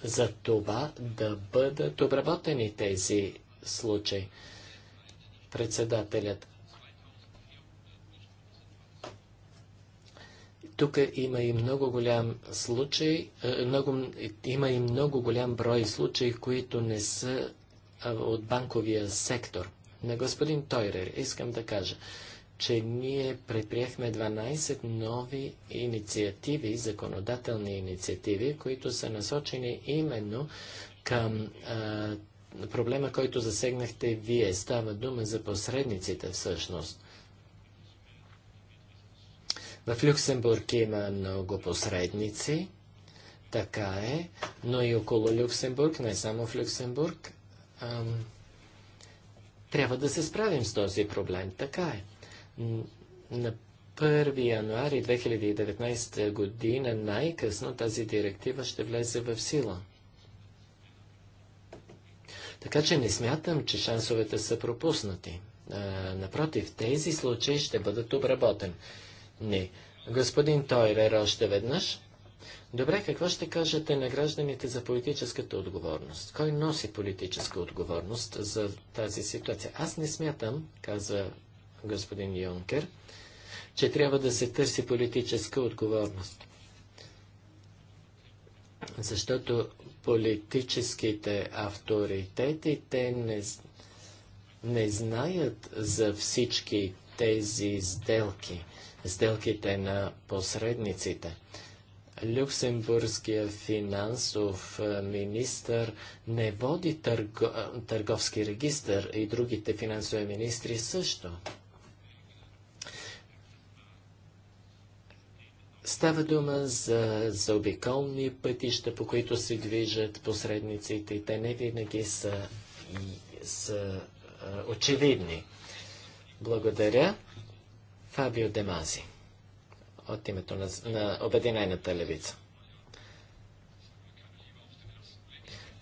за това да бъдат обработени тези случай. Председателят. Тук има и много голям случай, е, много, има и много голям брой случаи, които не са от банковия сектор. На господин Тойрер искам да кажа, че ние предприехме 12 нови инициативи, законодателни инициативи, които са насочени именно към а, проблема, който засегнахте вие. Става дума за посредниците всъщност. В Люксембург има много посредници, така е, но и около Люксембург, не само в Люксембург, ам, трябва да се справим с този проблем, така е. На 1 януари 2019 година най-късно тази директива ще влезе в сила. Така че не смятам, че шансовете са пропуснати. А, напротив, тези случаи ще бъдат обработени. Не. Господин Тойлер още веднъж. Добре, какво ще кажете на гражданите за политическата отговорност? Кой носи политическа отговорност за тази ситуация? Аз не смятам, каза господин Йонкер, че трябва да се търси политическа отговорност. Защото политическите авторитети, те не, не знаят за всички тези сделки, сделките на посредниците. Люксембургския финансов министр не води търго, търговски регистр и другите финансови министри също. Става дума за, за обиколни пътища, по които се движат посредниците и те не винаги са, и, са а, очевидни. Благодаря. Фабио Демази от името на, на Обединената левица.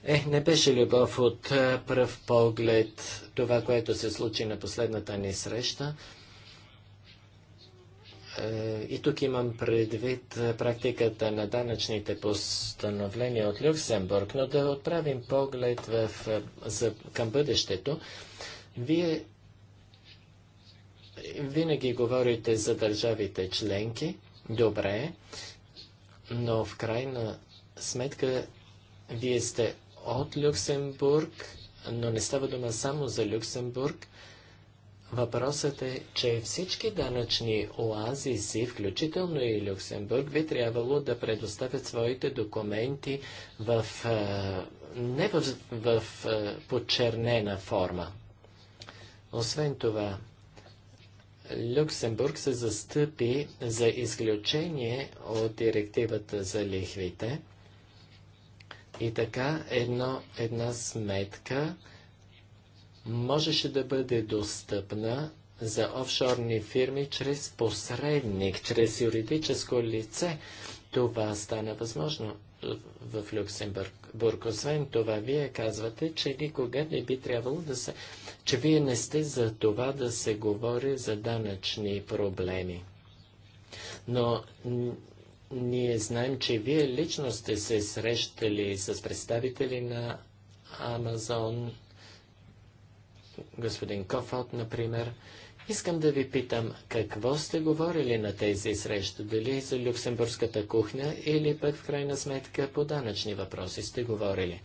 Е, не беше любов от пръв поглед това, което се случи на последната ни среща. Е, и тук имам предвид е, практиката на данъчните постановления от Люксембург, но да отправим поглед в, е, за, към бъдещето. Вие винаги говорите за държавите членки. Добре, но в крайна сметка вие сте от Люксембург, но не става дума само за Люксембург. Въпросът е, че всички данъчни оазиси, включително и Люксембург, би трябвало да предоставят своите документи в, е, не в, в е, подчернена форма. Освен това, Люксембург се застъпи за изключение от директивата за лихвите и така едно, една сметка – можеше да бъде достъпна за офшорни фирми чрез посредник, чрез юридическо лице. Това стана възможно в Люксембург. Освен това, вие казвате, че никога не би трябвало да се... че вие не сте за това да се говори за данъчни проблеми. Но ние знаем, че вие лично сте се срещали с представители на Амазон, господин Кофот, например. Искам да ви питам, какво сте говорили на тези срещи? Дали за люксембургската кухня или пък в крайна сметка по данъчни въпроси сте говорили?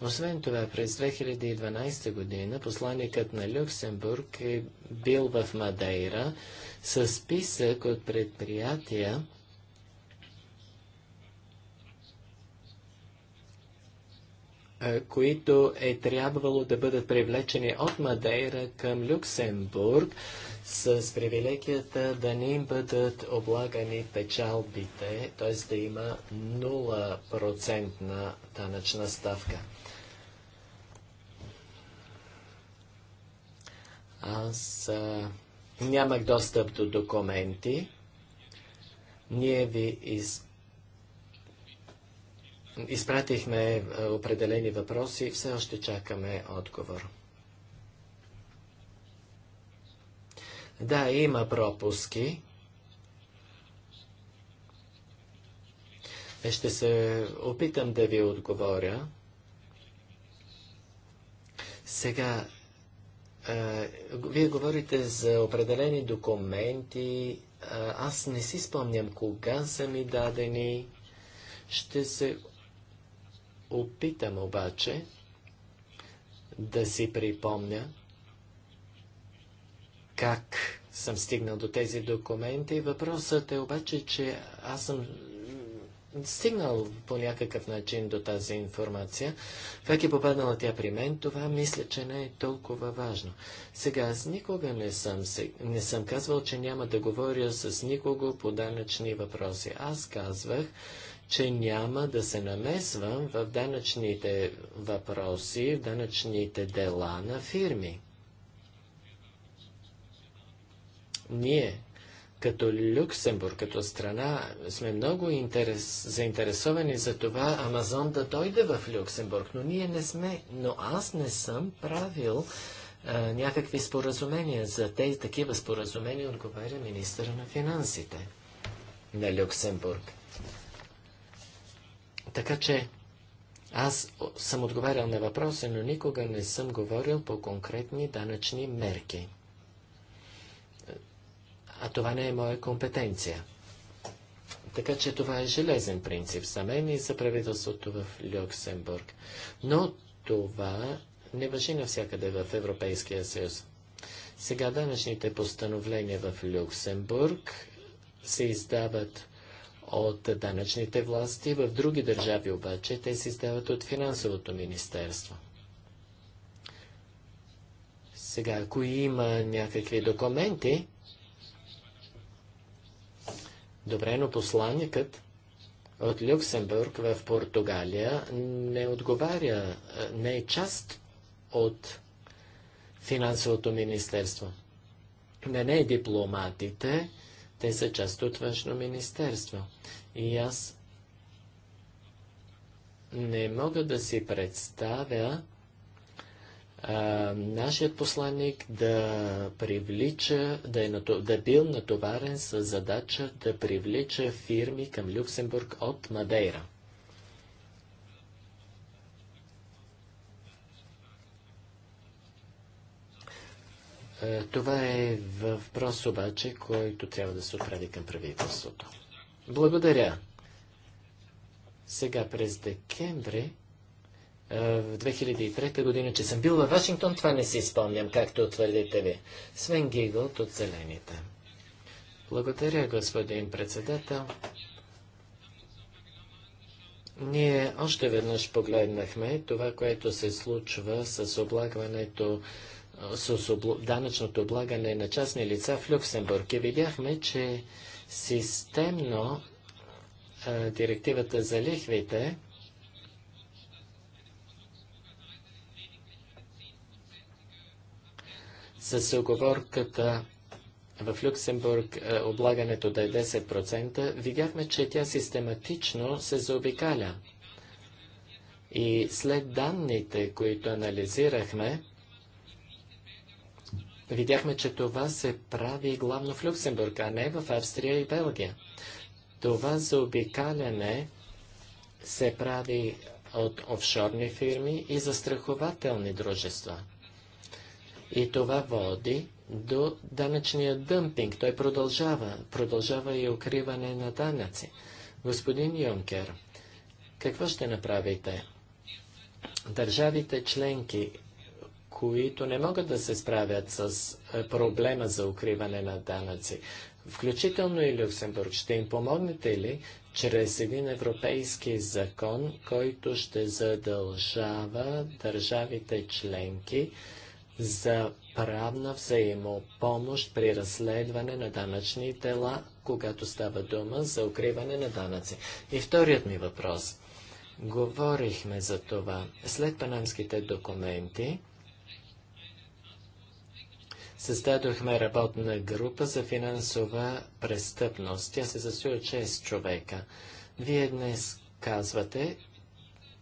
Освен това, през 2012 година посланникът на Люксембург е бил в Мадейра с списък от предприятия, които е трябвало да бъдат привлечени от Мадейра към Люксембург с привилегията да не им бъдат облагани печалбите, т.е. да има 0% данъчна ставка. Аз а, нямах достъп до документи. Ние ви изпълняваме Изпратихме е, определени въпроси все още чакаме отговор. Да, има пропуски. Е, ще се опитам да ви отговоря. Сега, е, вие говорите за определени документи. Аз не си спомням кога са ми дадени. Ще се опитам обаче да си припомня как съм стигнал до тези документи. Въпросът е обаче, че аз съм стигнал по някакъв начин до тази информация. Как е попаднала тя при мен, това мисля, че не е толкова важно. Сега, аз никога не съм, не съм казвал, че няма да говоря с никого по данъчни въпроси. Аз казвах, че няма да се намесвам в данъчните въпроси, в данъчните дела на фирми. Ние, като Люксембург, като страна, сме много интерес, заинтересовани за това Амазон да дойде в Люксембург, но ние не сме, но аз не съм правил а, някакви споразумения. За тези такива споразумения отговаря министъра на финансите на Люксембург. Така че аз съм отговарял на въпроса, но никога не съм говорил по конкретни данъчни мерки. Е, а това не е моя компетенция. Така че това е железен принцип за мен и за правителството в Люксембург. Но това не въжи навсякъде в Европейския съюз. Сега данъчните постановления в Люксембург се издават от данъчните власти, в други държави обаче те се издават от финансовото министерство. Сега, ако има някакви документи, добре, но посланникът от Люксембург в Португалия не отговаря, не е част от финансовото министерство. Не, не дипломатите, те са част от външно министерство. И аз не мога да си представя а, нашият посланник да привлича, да е, да е бил натоварен с задача да привлича фирми към Люксембург от Мадейра. Е, това е въпрос обаче, който трябва да се отправи към правителството. Благодаря. Сега през декември е, в 2003 година, че съм бил във Вашингтон, това не си спомням, както твърдите ви. Свен Гигълт от Зелените. Благодаря, господин председател. Ние още веднъж погледнахме това, което се случва с облагването с данъчното облагане на частни лица в Люксембург и видяхме, че системно директивата за лихвите с оговорката в Люксембург облагането да е 10%, видяхме, че тя систематично се заобикаля. И след данните, които анализирахме, видяхме, че това се прави главно в Люксембург, а не в Австрия и Белгия. Това заобикаляне се прави от офшорни фирми и застрахователни дружества. И това води до данъчния дъмпинг. Той продължава. Продължава и укриване на данъци. Господин Юнкер, какво ще направите? Държавите членки които не могат да се справят с е, проблема за укриване на данъци. Включително и Люксембург. Ще им помогнете ли чрез един европейски закон, който ще задължава държавите членки за правна взаимопомощ при разследване на данъчни дела, когато става дума за укриване на данъци. И вторият ми въпрос. Говорихме за това. След панамските документи, Създадохме работна група за финансова престъпност. Тя се състои от 6 човека. Вие днес казвате,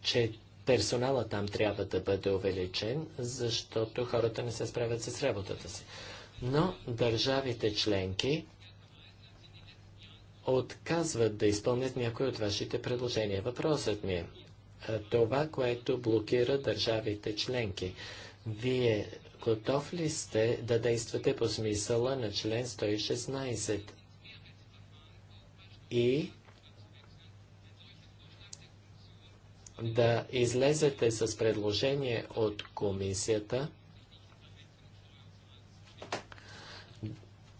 че персонала там трябва да бъде увеличен, защото хората не се справят с работата си. Но държавите членки отказват да изпълнят някои от вашите предложения. Въпросът ми е това, което блокира държавите членки. Вие Готов ли сте да действате по смисъла на член 116? И да излезете с предложение от комисията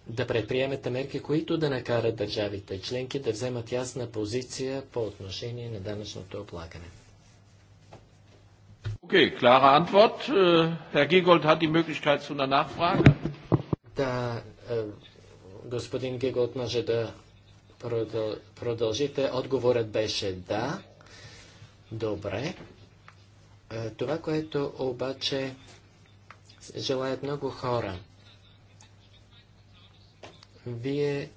да предприемете мерки, които да накарат държавите членки да вземат ясна позиция по отношение на данъчното облагане. Okay, klare Antwort. Äh, Herr Giegold hat die Möglichkeit zu einer Nachfrage. Da, äh, господин Гигот, може да продъл... продължите. Отговорът беше да. Добре. Е, това, което обаче желаят много хора. Вие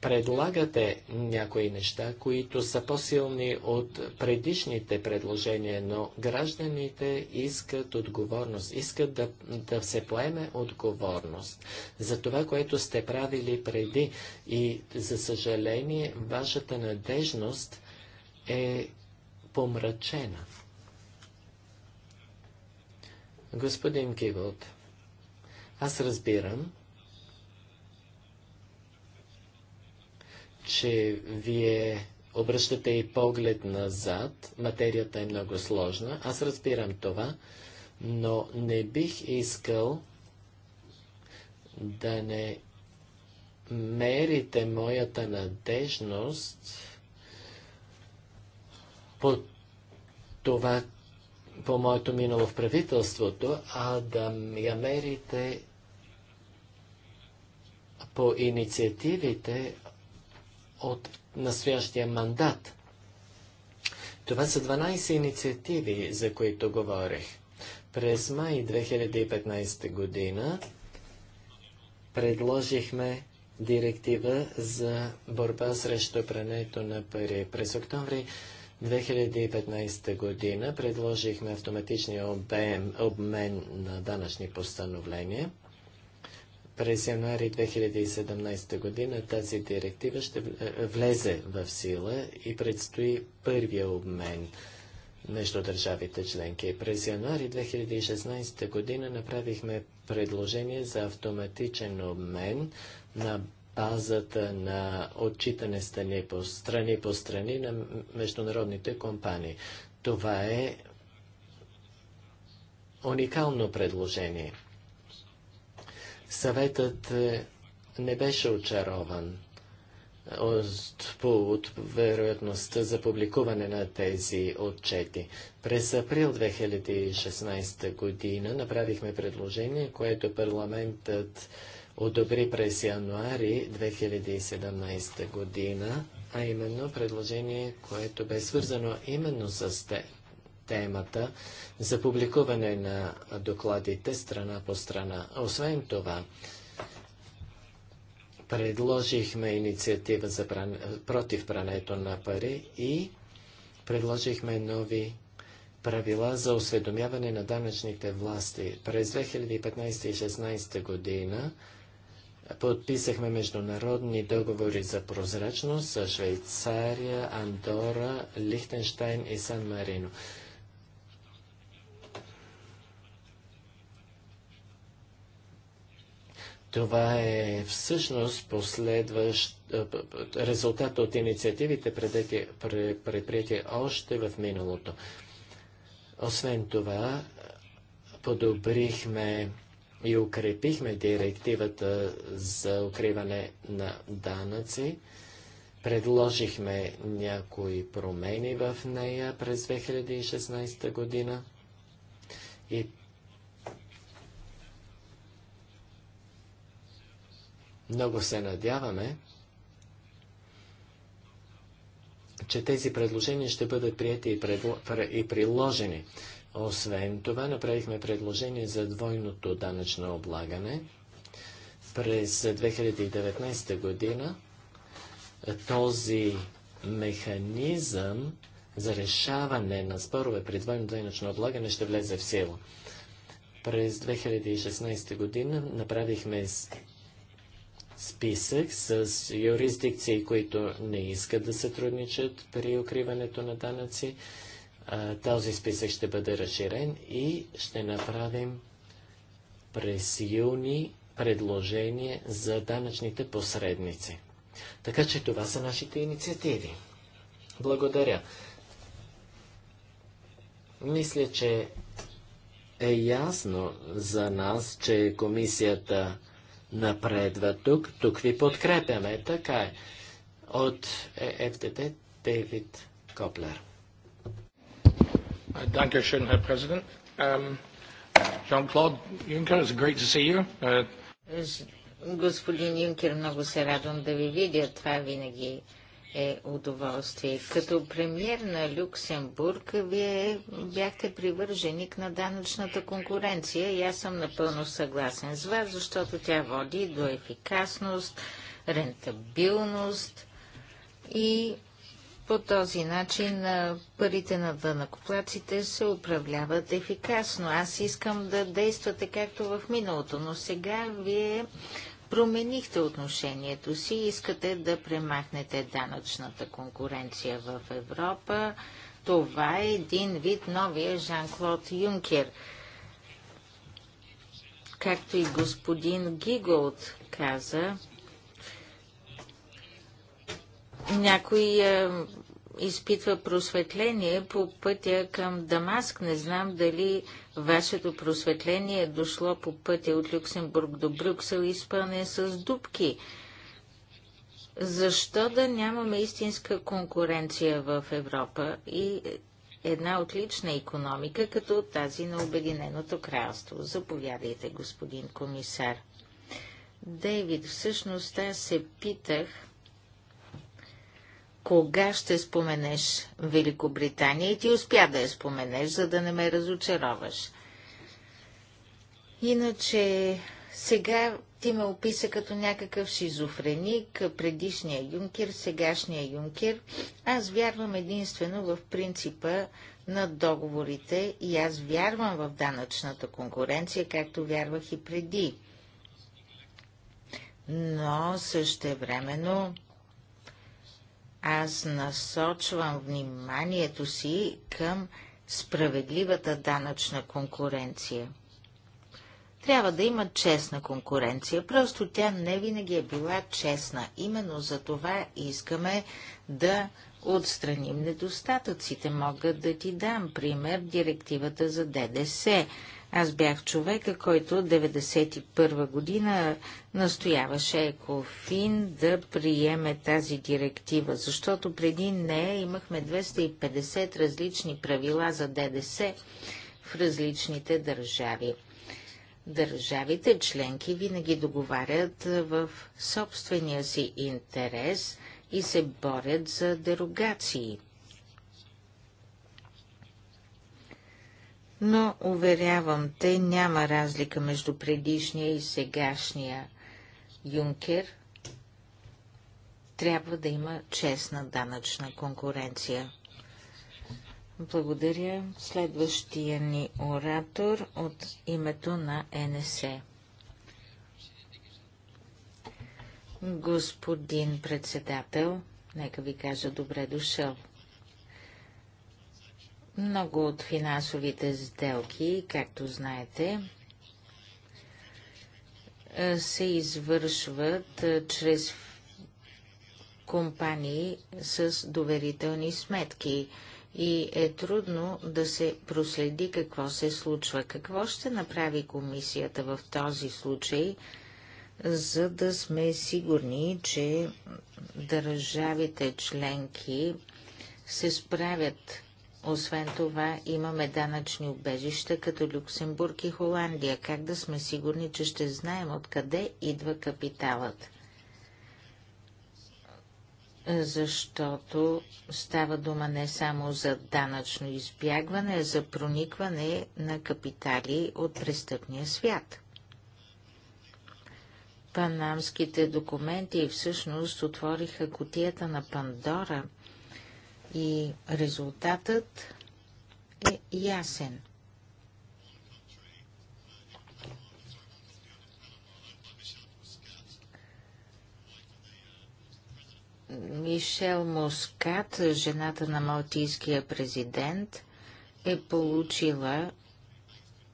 предлагате някои неща, които са по-силни от предишните предложения, но гражданите искат отговорност, искат да, да се поеме отговорност за това, което сте правили преди. И, за съжаление, вашата надежност е помрачена. Господин Кивот, аз разбирам, че вие обръщате и поглед назад. Материята е много сложна. Аз разбирам това, но не бих искал да не мерите моята надежност по това, по моето минало в правителството, а да я мерите по инициативите от настоящия мандат. Това са 12 инициативи, за които говорих. През май 2015 година предложихме директива за борба срещу прането на пари. През октомври 2015 година предложихме автоматичния обмен на данъчни постановления. През януари 2017 година тази директива ще е, влезе в сила и предстои първия обмен между държавите членки. През януари 2016 година направихме предложение за автоматичен обмен на базата на отчитане страни по страни, по страни на международните компании. Това е уникално предложение. Съветът е, не беше очарован е, от, по, от вероятността за публикуване на тези отчети. През април 2016 година направихме предложение, което парламентът одобри през януари 2017 година, а именно предложение, което бе свързано именно с те, системата за публикуване на докладите страна по страна. Освен това, предложихме инициатива за пран... против прането на пари и предложихме нови правила за осведомяване на данъчните власти. През 2015 и 2016 година подписахме международни договори за прозрачност с Швейцария, Андора, Лихтенштайн и Сан Марино. Това е всъщност последващ резултат от инициативите, предприяти още в миналото. Освен това, подобрихме и укрепихме директивата за укриване на данъци. Предложихме някои промени в нея през 2016 година. И Много се надяваме, че тези предложения ще бъдат прияти и, предло... и приложени. Освен това, направихме предложение за двойното данъчно облагане през 2019 година. Този механизъм за решаване на спорове при двойно данъчно облагане ще влезе в сила. През 2016 година направихме списък с юрисдикции, които не искат да сътрудничат при укриването на данъци. този списък ще бъде разширен и ще направим през юни предложение за данъчните посредници. Така че това са нашите инициативи. Благодаря. Мисля, че е ясно за нас, че комисията напредва тук. Тук ви подкрепяме. Така е. От е, ФДД Дейвид Коплер. Uh, Dankeschön, Herr Präsident. Um, Jean-Claude Juncker, it's great to see you. Uh, Господин Юнкер, много се радвам да ви видя. Това винаги е удоволствие. Като премьер на Люксембург, вие бяхте привърженик на данъчната конкуренция и аз съм напълно съгласен с вас, защото тя води до ефикасност, рентабилност и по този начин парите на дънакоплаците се управляват ефикасно. Аз искам да действате както в миналото, но сега вие променихте отношението си, искате да премахнете данъчната конкуренция в Европа. Това е един вид новия Жан-Клод Юнкер. Както и господин Гиголд каза, някои е, изпитва просветление по пътя към Дамаск. Не знам дали вашето просветление е дошло по пътя от Люксембург до Брюксел, изпълнен с дубки. Защо да нямаме истинска конкуренция в Европа и една отлична економика, като тази на Обединеното кралство? Заповядайте, господин комисар. Дейвид, всъщност аз се питах, кога ще споменеш Великобритания и ти успя да я споменеш, за да не ме разочароваш. Иначе, сега ти ме описа като някакъв шизофреник, предишния юнкер, сегашния юнкер. Аз вярвам единствено в принципа на договорите и аз вярвам в данъчната конкуренция, както вярвах и преди. Но също времено аз насочвам вниманието си към справедливата данъчна конкуренция. Трябва да има честна конкуренция, просто тя не винаги е била честна. Именно за това искаме да отстраним недостатъците. Мога да ти дам пример директивата за ДДС. Аз бях човека, който 1991 година настояваше Екофин да приеме тази директива, защото преди нея имахме 250 различни правила за ДДС в различните държави. Държавите членки винаги договарят в собствения си интерес и се борят за дерогации – но уверявам те, няма разлика между предишния и сегашния Юнкер. Трябва да има честна данъчна конкуренция. Благодаря. Следващия ни оратор от името на НСЕ. Господин председател, нека ви кажа добре дошъл. Много от финансовите сделки, както знаете, е, се извършват е, чрез компании с доверителни сметки и е трудно да се проследи какво се случва. Какво ще направи комисията в този случай, за да сме сигурни, че държавите членки се справят освен това, имаме данъчни убежища като Люксембург и Холандия. Как да сме сигурни, че ще знаем откъде идва капиталът? Защото става дума не само за данъчно избягване, а за проникване на капитали от престъпния свят. Панамските документи всъщност отвориха котията на Пандора – и резултатът е ясен. Мишел Москат, жената на малтийския президент, е получила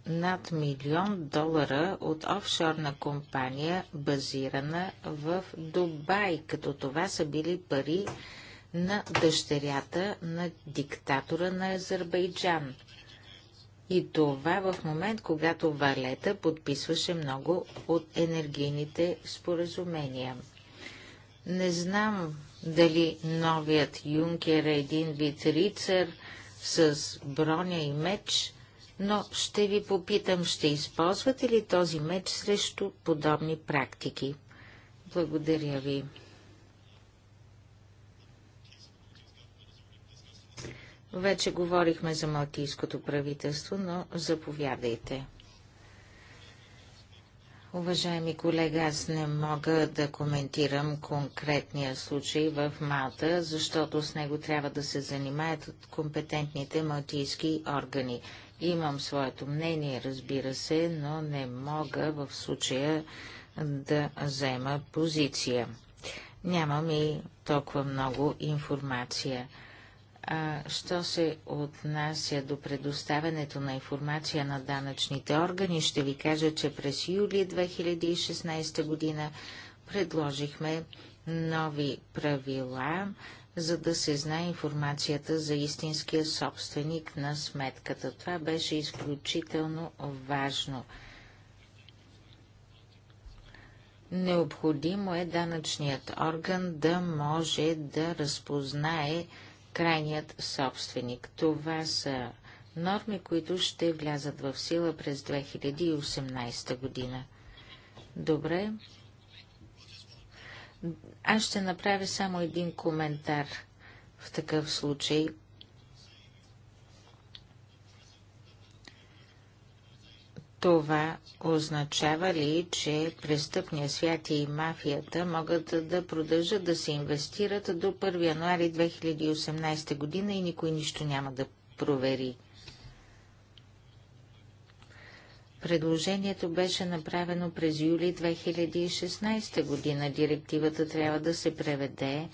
над милион долара от офшорна компания, базирана в Дубай, като това са били пари на дъщерята на диктатора на Азербайджан. И това в момент, когато Валета подписваше много от енергийните споразумения. Не знам дали новият Юнкер е един вид рицар с броня и меч, но ще ви попитам, ще използвате ли този меч срещу подобни практики? Благодаря ви. Вече говорихме за малтийското правителство, но заповядайте. Уважаеми колега, аз не мога да коментирам конкретния случай в Малта, защото с него трябва да се занимаят от компетентните малтийски органи. Имам своето мнение, разбира се, но не мога в случая да взема позиция. Нямам и толкова много информация. А, що се отнася до предоставянето на информация на данъчните органи, ще ви кажа, че през юли 2016 година предложихме нови правила, за да се знае информацията за истинския собственик на сметката. Това беше изключително важно. Необходимо е данъчният орган да може да разпознае крайният собственик. Това са норми, които ще влязат в сила през 2018 година. Добре. Аз ще направя само един коментар в такъв случай Това означава ли, че престъпния свят и мафията могат да продължат да се инвестират до 1 януари 2018 година и никой нищо няма да провери? Предложението беше направено през юли 2016 година. Директивата трябва да се преведе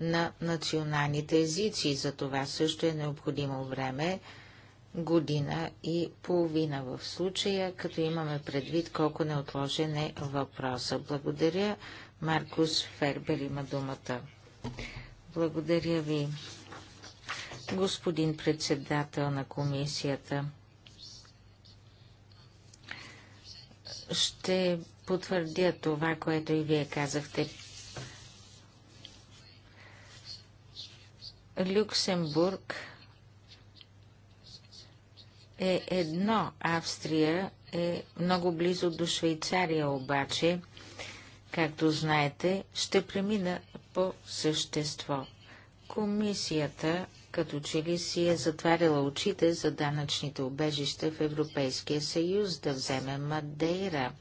на националните езици. За това също е необходимо време година и половина в случая, като имаме предвид колко неотложен е въпроса. Благодаря. Маркус Фербер има думата. Благодаря ви, господин председател на комисията. Ще потвърдя това, което и вие казахте. Люксембург е едно. Австрия е много близо до Швейцария, обаче, както знаете, ще премина по същество. Комисията като че ли си е затваряла очите за данъчните убежища в Европейския съюз, да вземе Мадейра.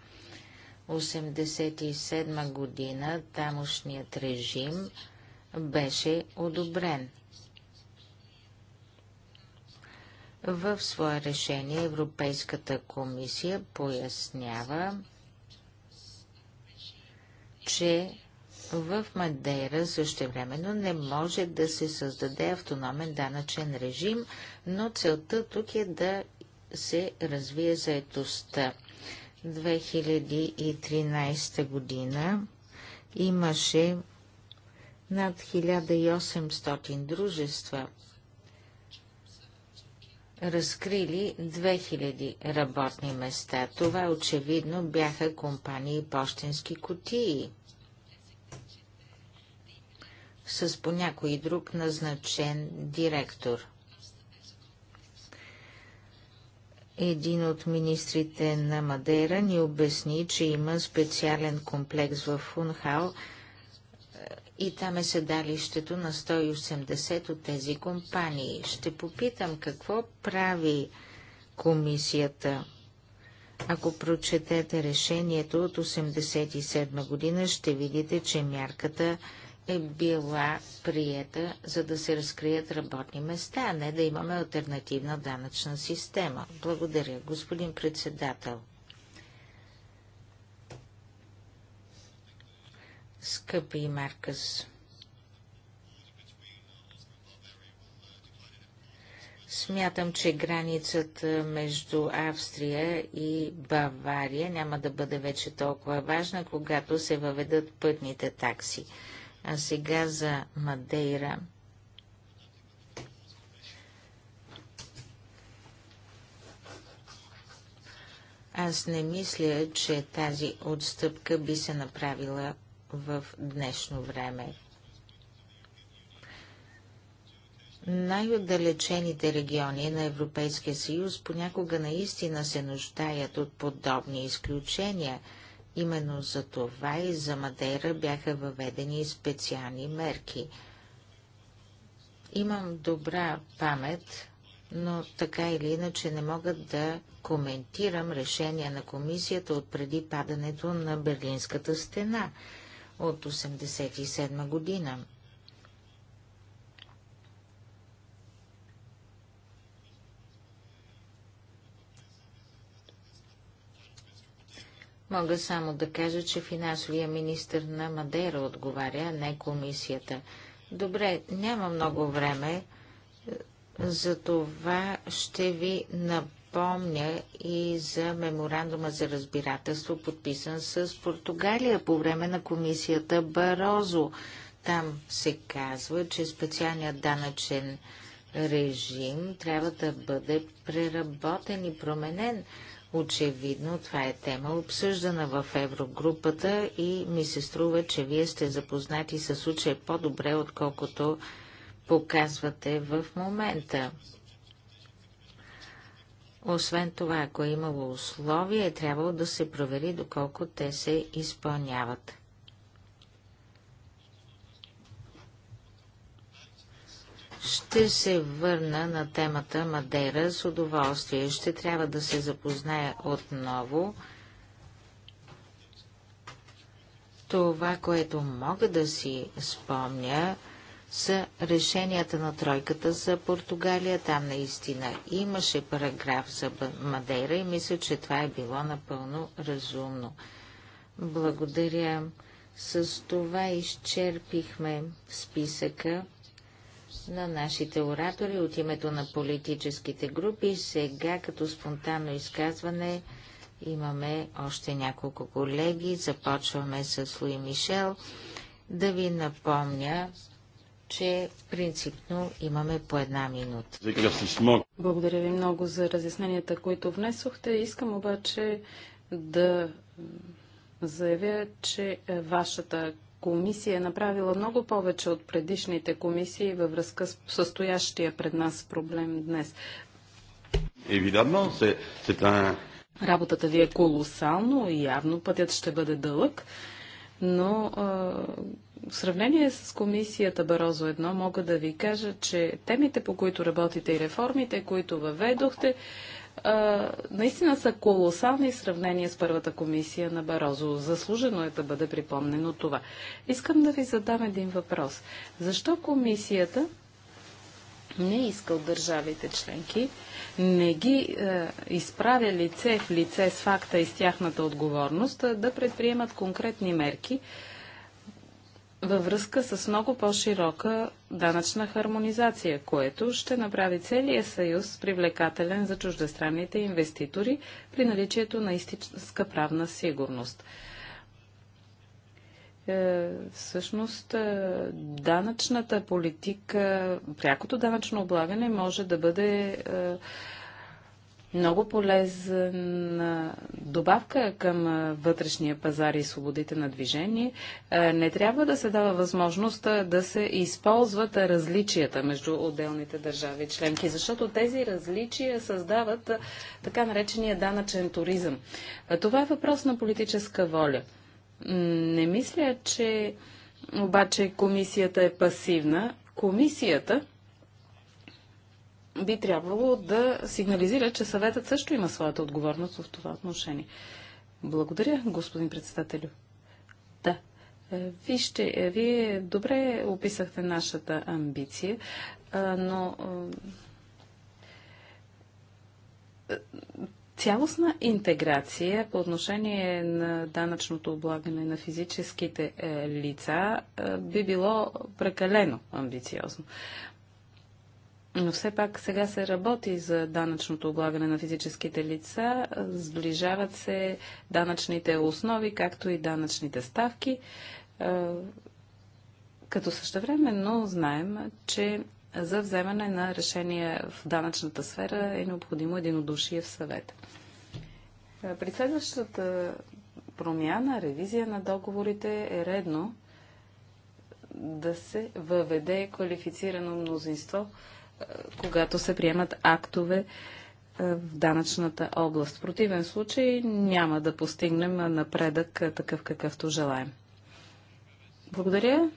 87 година тамошният режим беше одобрен. В свое решение Европейската комисия пояснява, че в Мадейра същевременно не може да се създаде автономен данъчен режим, но целта тук е да се развие заетостта. 2013 година имаше над 1800 дружества – разкрили 2000 работни места. Това очевидно бяха компании почтенски кутии с по някой друг назначен директор. Един от министрите на Мадера ни обясни, че има специален комплекс в Фунхал – и там е седалището на 180 от тези компании. Ще попитам какво прави комисията. Ако прочетете решението от 1987 година, ще видите, че мярката е била приета, за да се разкрият работни места, а не да имаме альтернативна данъчна система. Благодаря, господин председател. Скъпи Маркъс, смятам, че границата между Австрия и Бавария няма да бъде вече толкова важна, когато се въведат пътните такси. А сега за Мадейра. Аз не мисля, че тази отстъпка би се направила в днешно време. Най-отдалечените региони на Европейския съюз понякога наистина се нуждаят от подобни изключения. Именно за това и за Мадейра бяха въведени специални мерки. Имам добра памет, но така или иначе не мога да коментирам решение на комисията от преди падането на Берлинската стена – от 1987 година. Мога само да кажа, че финансовия министр на Мадера отговаря, не комисията. Добре, няма много време, за това ще ви напомня Помня и за меморандума за разбирателство, подписан с Португалия по време на комисията Барозо. Там се казва, че специалният данъчен режим трябва да бъде преработен и променен. Очевидно, това е тема обсъждана в Еврогрупата и ми се струва, че вие сте запознати с случая по-добре, отколкото показвате в момента. Освен това, ако е имало условия, е трябвало да се провери доколко те се изпълняват. Ще се върна на темата Мадера с удоволствие. Ще трябва да се запозная отново. Това, което мога да си спомня, са решенията на тройката за Португалия. Там наистина имаше параграф за Мадейра и мисля, че това е било напълно разумно. Благодаря. С това изчерпихме списъка на нашите оратори от името на политическите групи. Сега като спонтанно изказване имаме още няколко колеги. Започваме с Луи Мишел. Да ви напомня, че принципно имаме по една минута. Благодаря ви много за разясненията, които внесохте. Искам обаче да заявя, че вашата комисия е направила много повече от предишните комисии във връзка с състоящия пред нас проблем днес. се, c'est un... Работата ви е колосално и явно пътят ще бъде дълъг, но а, в сравнение с комисията Барозо 1 мога да ви кажа, че темите, по които работите и реформите, които въведохте, наистина са колосални в сравнение с първата комисия на Барозо. Заслужено е да бъде припомнено това. Искам да ви задам един въпрос. Защо комисията не иска от държавите членки, не ги е, изправя лице в лице с факта и с тяхната отговорност е, да предприемат конкретни мерки, във връзка с много по-широка данъчна хармонизация, което ще направи целия съюз привлекателен за чуждестранните инвеститори при наличието на истинска правна сигурност. Е, всъщност, е, данъчната политика, прякото данъчно облагане може да бъде е, много полезна добавка към вътрешния пазар и свободите на движение. Не трябва да се дава възможност да се използват различията между отделните държави членки, защото тези различия създават така наречения данъчен туризъм. Това е въпрос на политическа воля. Не мисля, че обаче комисията е пасивна. Комисията би трябвало да сигнализира, че съветът също има своята отговорност в това отношение. Благодаря, господин председателю. Да. Е, вижте, е, вие добре описахте нашата амбиция, но е, цялостна интеграция по отношение на данъчното облагане на физическите лица би било прекалено амбициозно. Но все пак сега се работи за данъчното облагане на физическите лица, сближават се данъчните основи, както и данъчните ставки, като същевременно знаем, че за вземане на решения в данъчната сфера е необходимо единодушие в съвет. При следващата промяна, ревизия на договорите е редно да се въведе квалифицирано мнозинство – когато се приемат актове в данъчната област. В противен случай няма да постигнем напредък такъв какъвто желаем. Благодаря.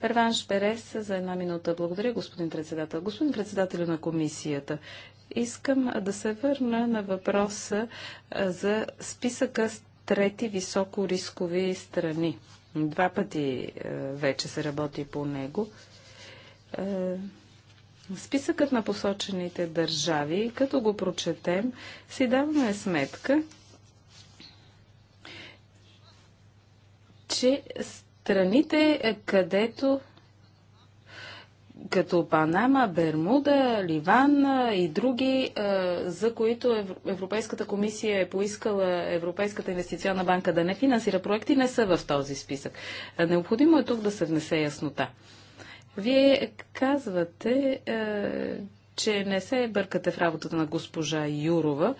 Перванш Берес за една минута. Благодаря, господин председател. Господин председател на комисията, искам да се върна на въпроса за списъка с трети високо рискови страни. Два пъти вече се работи по него. Списъкът на посочените държави, като го прочетем, си даваме сметка, че страните, където като Панама, Бермуда, Ливан и други, за които Европейската комисия е поискала Европейската инвестиционна банка да не финансира проекти, не са в този списък. Необходимо е тук да се внесе яснота. Вие казвате, е, че не се бъркате в работата на госпожа Юрова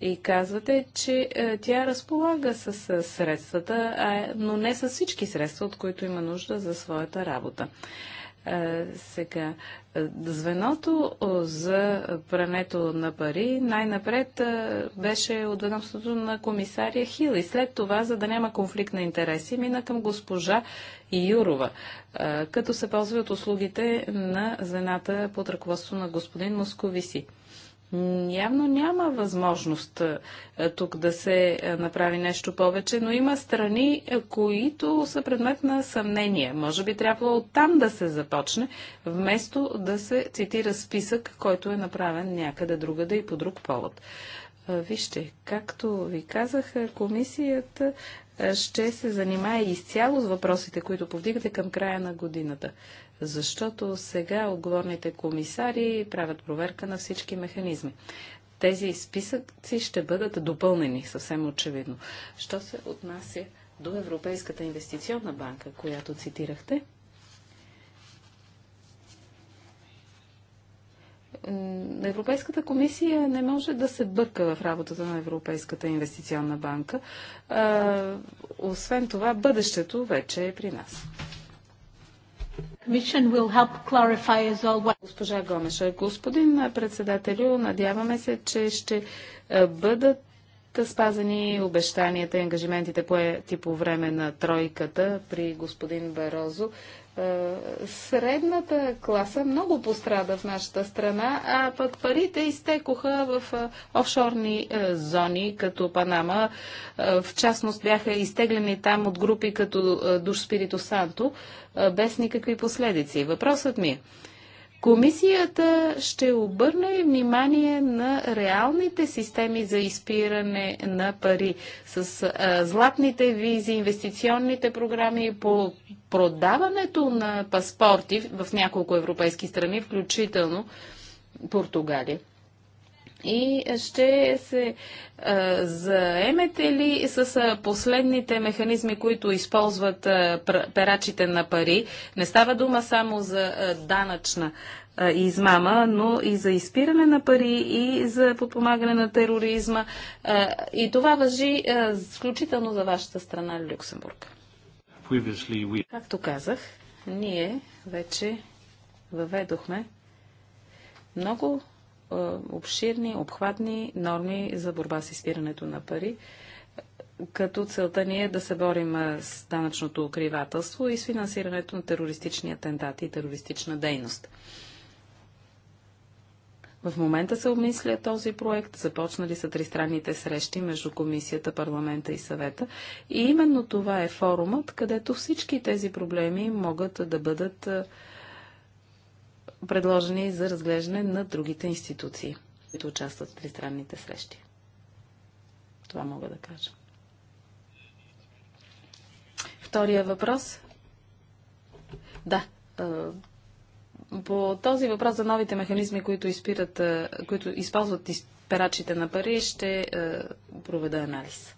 и казвате, че е, тя разполага с средствата, но не с всички средства, от които има нужда за своята работа. Е, сега, е, звеното е, за прането на пари най-напред беше от ведомството на комисария Хил и след това, за да няма конфликт на интереси, мина към госпожа Юрова, като се ползва от услугите на звената под ръководство на господин Московиси. Явно няма възможност е, тук да се е, направи нещо повече, но има страни, е, които са предмет на съмнение. Може би трябва оттам да се започне, вместо да се цитира списък, който е направен някъде другаде да и по друг повод. Вижте, както ви казах, комисията ще се занимае изцяло с въпросите, които повдигате към края на годината защото сега отговорните комисари правят проверка на всички механизми. Тези списъци ще бъдат допълнени, съвсем очевидно. Що се отнася до Европейската инвестиционна банка, която цитирахте, Европейската комисия не може да се бърка в работата на Европейската инвестиционна банка. А, освен това, бъдещето вече е при нас. Госпожа Гомеша, господин председателю, надяваме се, че ще е, бъдат спазени обещанията и ангажиментите поети по време на тройката при господин Барозо е, средната класа много пострада в нашата страна, а пък парите изтекоха в е, офшорни е, зони, като Панама. В частност бяха изтеглени там от групи като Душ Спирито Санто, без никакви последици. Въпросът ми е, Комисията ще обърне внимание на реалните системи за изпиране на пари с а, златните визи, инвестиционните програми по продаването на паспорти в няколко европейски страни, включително Португалия и ще се заемете ли с последните механизми, които използват перачите на пари? Не става дума само за данъчна измама, но и за изпиране на пари и за подпомагане на тероризма. и това въжи включително за вашата страна Люксембург. Както казах, ние вече въведохме много е, обширни, обхватни норми за борба с изпирането на пари, като целта ни е да се борим е, с данъчното укривателство и с финансирането на терористични атентати и терористична дейност. В момента се обмисля този проект, започнали са тристранните срещи между комисията, парламента и съвета. И именно това е форумът, където всички тези проблеми могат да бъдат е, предложени за разглеждане на другите институции, които участват в тристранните срещи. Това мога да кажа. Втория въпрос. Да. По този въпрос за новите механизми, които, изпират, които използват изперачите на пари, ще проведа анализ.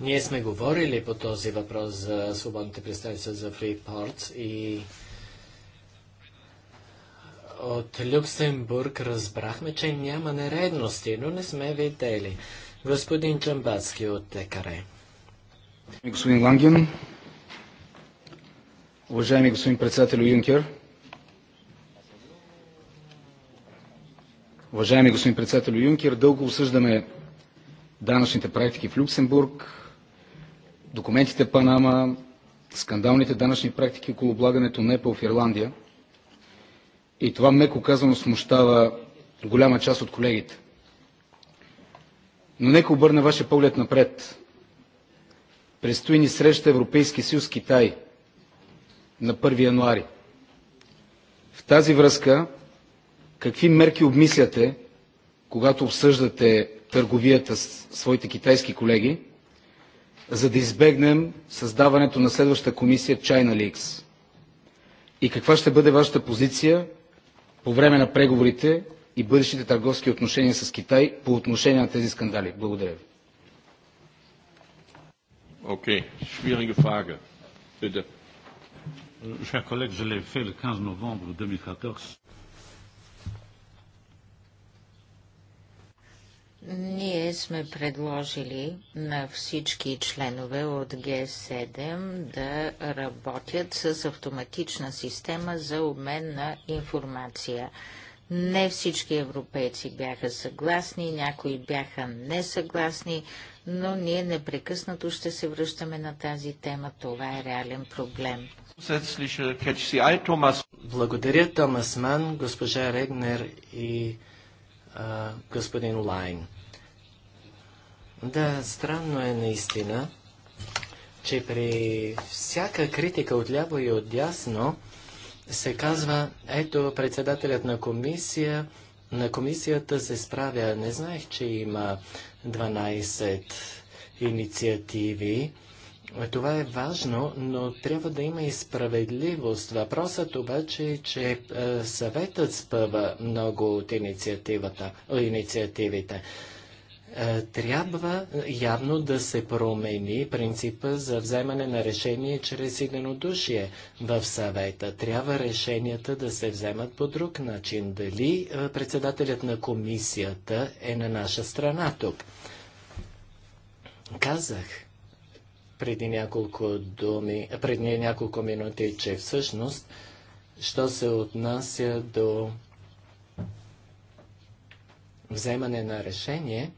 Ние сме говорили по този въпрос за свободните представителства за Freeport и от Люксембург разбрахме, че няма нередности, но не сме видели. Господин Чамбацки от Текаре. Господин Ланген, уважаеми господин председател Юнкер, Уважаеми господин председател Юнкер, дълго осъждаме данъчните практики в Люксембург, документите Панама, скандалните данъчни практики около облагането НЕПО в Ирландия. И това, меко казано, смущава голяма част от колегите. Но нека обърна вашия поглед напред. Предстои ни среща Европейски съюз Китай на 1 януари. В тази връзка, какви мерки обмисляте, когато обсъждате търговията с своите китайски колеги, за да избегнем създаването на следващата комисия China Leaks? И каква ще бъде вашата позиция по време на преговорите и бъдещите търговски отношения с Китай по отношение на тези скандали? Благодаря ви. Окей, schwierige фага. Bitte. Chers collègues, je l'ai 15 2014. Ние сме предложили на всички членове от Г7 да работят с автоматична система за обмен на информация. Не всички европейци бяха съгласни, някои бяха несъгласни, но ние непрекъснато ще се връщаме на тази тема. Това е реален проблем. Благодаря Томас Ман, госпожа Регнер и господин Лайн. Да, странно е наистина, че при всяка критика от ляво и от дясно се казва, ето председателят на комисия, на комисията се справя. Не знаех, че има 12 инициативи е, това е важно, но трябва да има и справедливост. Въпросът обаче е, че е, съветът спъва много от инициативите. Е, трябва явно да се промени принципа за вземане на решение чрез единодушие в съвета. Трябва решенията да се вземат по друг начин. Дали председателят на комисията е на наша страна тук? Казах, преди няколко, думи, преди няколко минути, че всъщност, що се отнася до вземане на решение,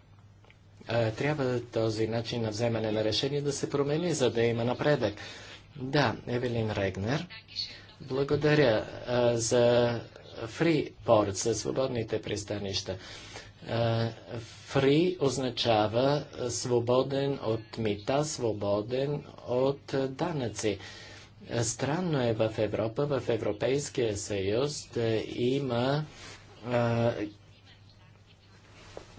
трябва този начин на вземане на решение да се промени, за да има напредък. Да, Евелин Регнер, благодаря за фри порт, за свободните пристанища. Е, фри означава е, свободен от мита, свободен от е, данъци. Странно е в Европа, в Европейския съюз да има а,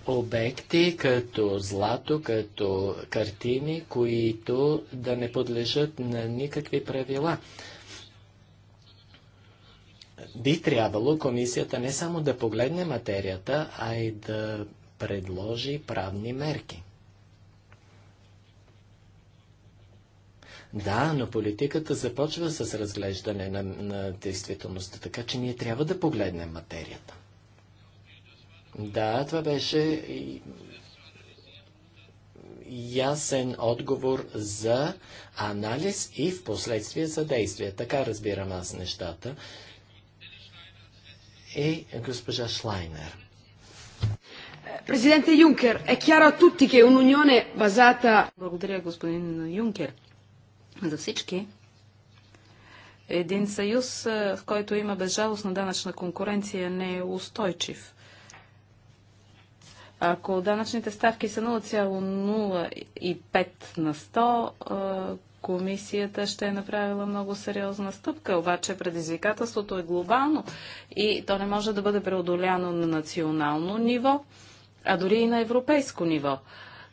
обекти като злато, като картини, които да не подлежат на никакви правила би трябвало комисията не само да погледне материята, а и да предложи правни мерки. Да, но политиката започва с разглеждане на, на действителността, така че ние трябва да погледнем материята. Да, това беше ясен отговор за анализ и в последствие за действие. Така разбирам аз нещата и е госпожа Шлайнер. Президенте Юнкер, е chiaro a tutti che un'unione basata... Благодаря, господин Юнкер. За всички, един съюз, е, в който има безжалостна данъчна конкуренция, не е устойчив. Ако данъчните ставки са 0,05 на 100, комисията ще е направила много сериозна стъпка, обаче предизвикателството е глобално и то не може да бъде преодоляно на национално ниво, а дори и на европейско ниво.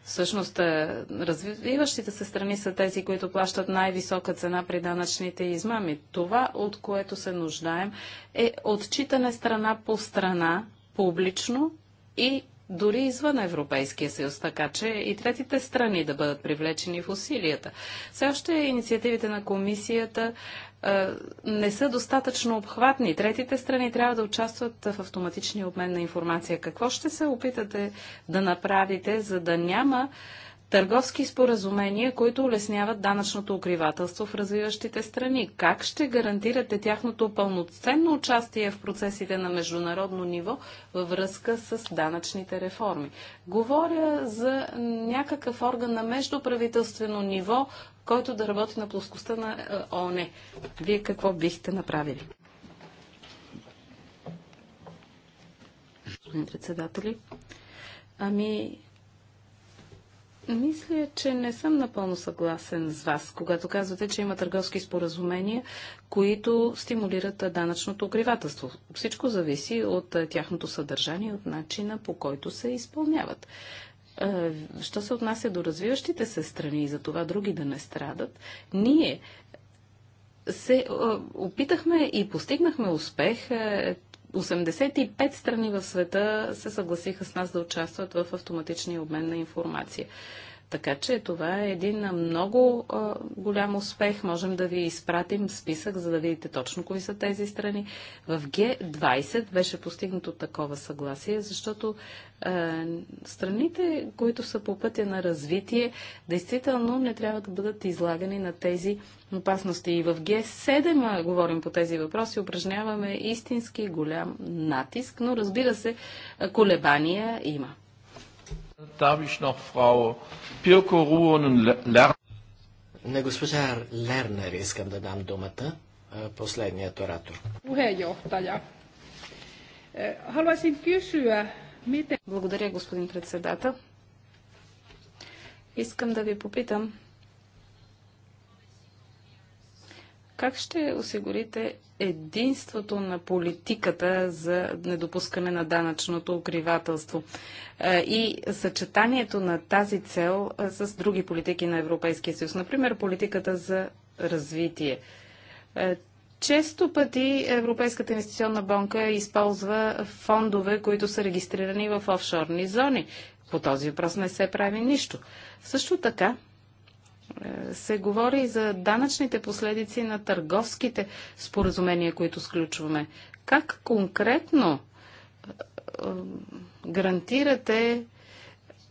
Всъщност, е, развиващите се страни са тези, които плащат най-висока цена при данъчните измами. Това, от което се нуждаем, е отчитане страна по страна, публично и дори извън Европейския съюз, така че и третите страни да бъдат привлечени в усилията. Все още инициативите на комисията е, не са достатъчно обхватни. Третите страни трябва да участват в автоматичния обмен на информация. Какво ще се опитате да направите, за да няма търговски споразумения, които улесняват данъчното укривателство в развиващите страни. Как ще гарантирате тяхното пълноценно участие в процесите на международно ниво във връзка с данъчните реформи? Говоря за някакъв орган на междуправителствено ниво, който да работи на плоскостта на е, ООН. Вие какво бихте направили? Господин председатели, ами мисля, че не съм напълно съгласен с вас, когато казвате, че има търговски споразумения, които стимулират данъчното укривателство. Всичко зависи от тяхното съдържание, от начина по който се изпълняват. Що се отнася до развиващите се страни и за това други да не страдат, ние се опитахме и постигнахме успех 85 страни в света се съгласиха с нас да участват в автоматичния обмен на информация. Така че това е един много а, голям успех. Можем да ви изпратим списък, за да видите точно кои са тези страни. В Г20 беше постигнато такова съгласие, защото а, страните, които са по пътя на развитие, действително не трябва да бъдат излагани на тези опасности. И в Г7 говорим по тези въпроси, упражняваме истински голям натиск, но разбира се, колебания има. Darf ich noch Frau Pirko Ruonen Lerner? На госпожа Лернер искам да дам думата, последният оратор. Е, Благодаря, господин председател. Искам да ви попитам Как ще осигурите единството на политиката за недопускане на данъчното укривателство е, и съчетанието на тази цел е, с други политики на Европейския съюз, например политиката за развитие? Е, често пъти Европейската инвестиционна банка използва фондове, които са регистрирани в офшорни зони. По този въпрос не се прави нищо. Също така, е, се говори за данъчните последици на търговските споразумения, които сключваме. Как конкретно е, е, гарантирате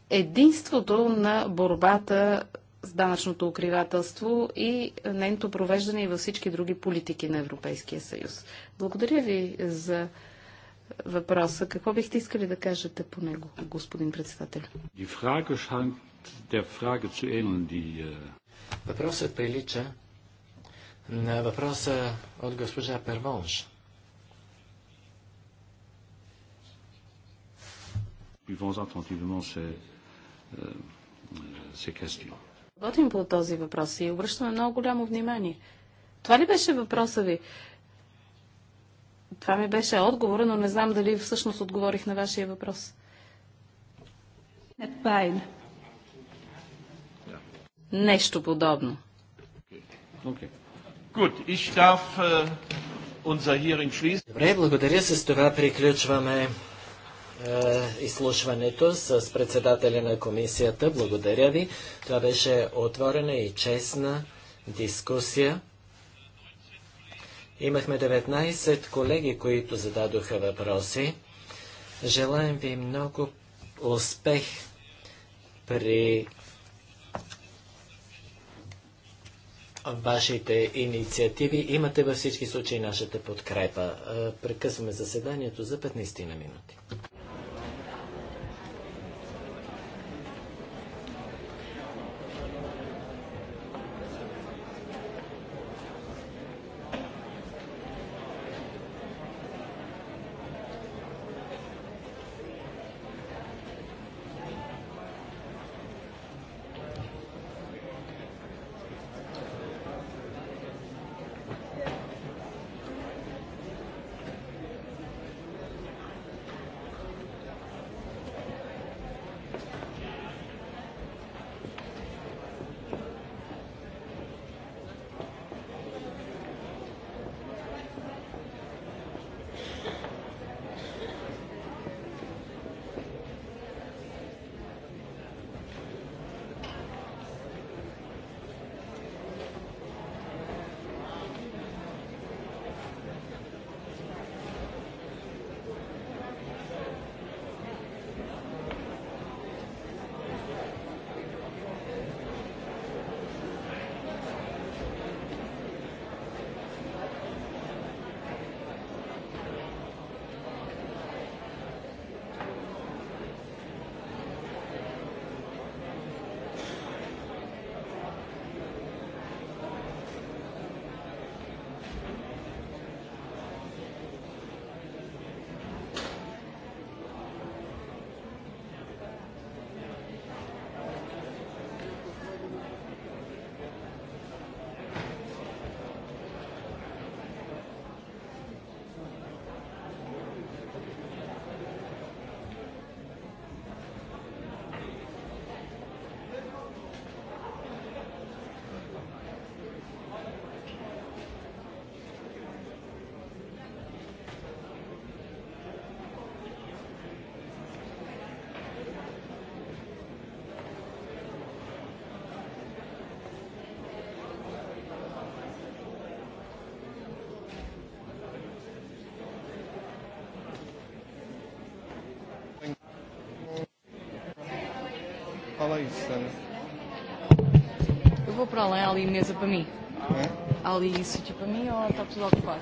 единството на борбата с данъчното укривателство и нейното провеждане и във всички други политики на Европейския съюз. Благодаря ви за въпроса. Какво бихте искали да кажете по него, господин председател? Äh, Въпросът прилича на въпроса от госпожа Первонж. Euh, Работим по този въпрос и обръщаме много голямо внимание. Това ли беше въпроса ви? Това ми беше отговора, но не знам дали всъщност отговорих на вашия въпрос. Нет, Нещо подобно. Äh, Добре, благодаря. С това приключваме э, изслушването с председателя на комисията. Благодаря ви. Това беше отворена и честна дискусия. Имахме 19 колеги, които зададоха въпроси. Желаем ви много успех при вашите инициативи. Имате във всички случаи нашата подкрепа. Е, прекъсваме заседанието за 15 на минути. Sara. Eu vou para lá, há ali mesa para mim. É? Há ali sítio para mim ou está tudo ocupado?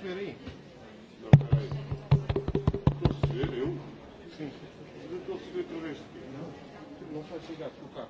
trasferì. Trasferiu? Sim. Trasferito o resto? Não. Não faz chegar a trocar.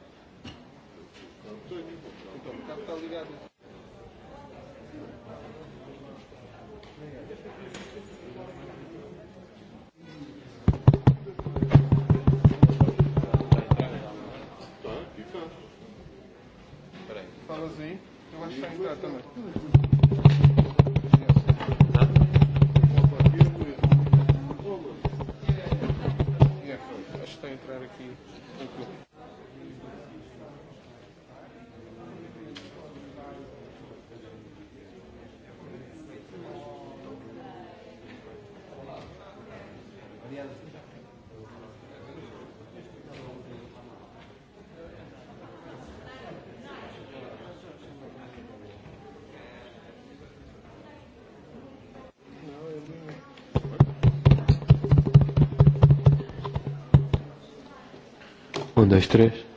53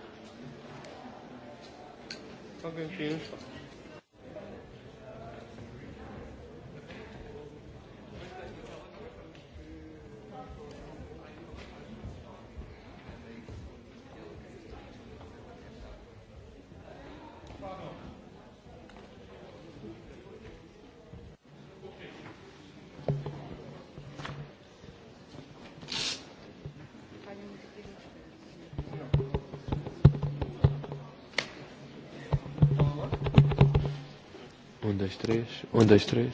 3, 1, 2, 3.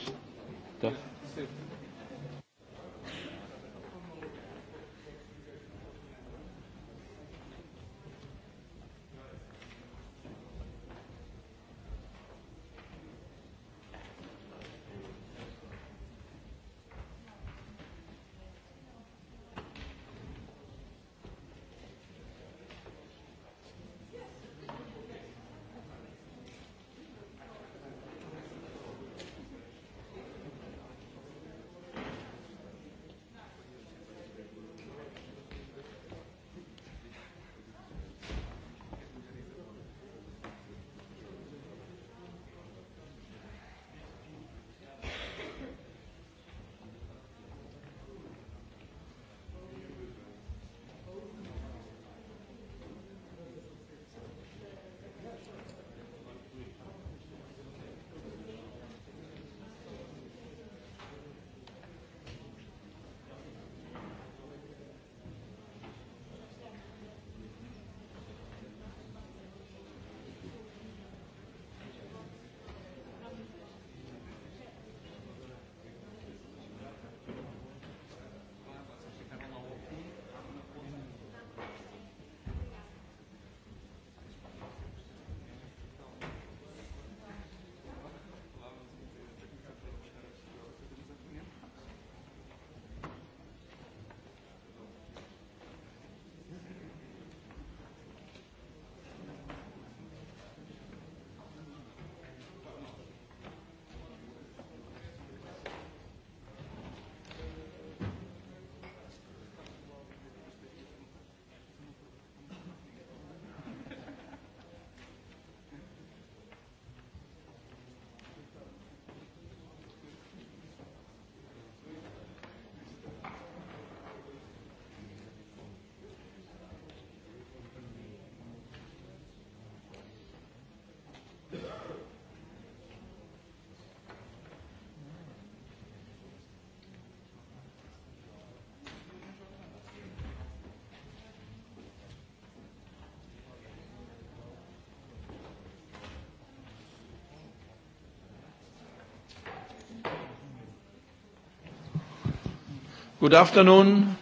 Good afternoon.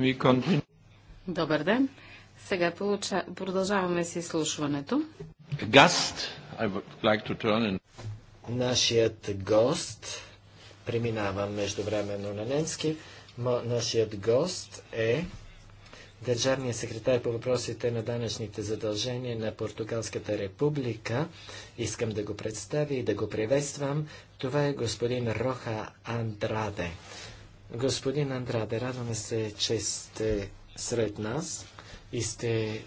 We continue. Добър ден. Сега получа... продължаваме с изслушването. I would like to turn in. Нашият гост, преминавам междувременно на немски, нашият гост е държавният секретар по въпросите на данъчните задължения на Португалската република. Искам да го представя и да го приветствам. Това е господин Роха Андраде. Господин Андраде, радваме се, че сте сред нас и сте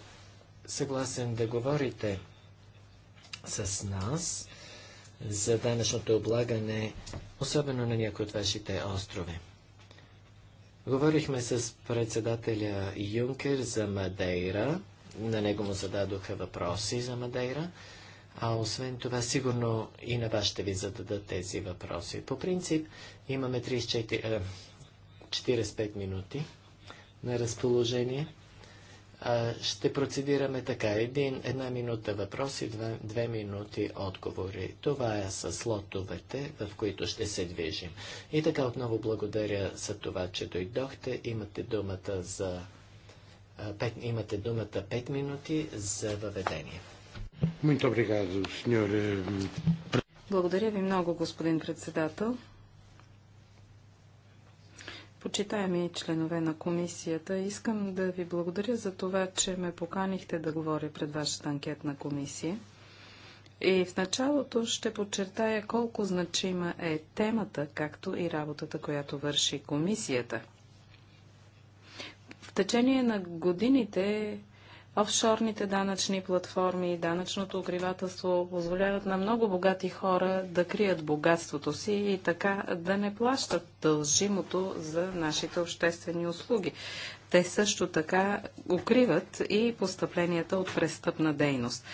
съгласен да говорите с нас за данъчното облагане, особено на някои от вашите острови. Говорихме с председателя Юнкер за Мадейра. На него му зададоха въпроси за Мадейра. А освен това, сигурно и на вас ще ви зададат тези въпроси. По принцип, имаме 34, 45 минути на разположение. ще процедираме така. Един, една минута въпроси, две, две минути отговори. Това е с лотовете, в които ще се движим. И така отново благодаря за това, че дойдохте. Имате думата за Пет, имате думата 5 минути за въведение. Eh, благодаря ви много, господин председател. Почитаеми членове на комисията, искам да ви благодаря за това, че ме поканихте да говоря пред вашата анкетна комисия. И в началото ще подчертая колко значима е темата, както и работата, която върши комисията. В течение на годините Офшорните данъчни платформи и данъчното укривателство позволяват на много богати хора да крият богатството си и така да не плащат дължимото за нашите обществени услуги. Те също така укриват и постъпленията от престъпна дейност.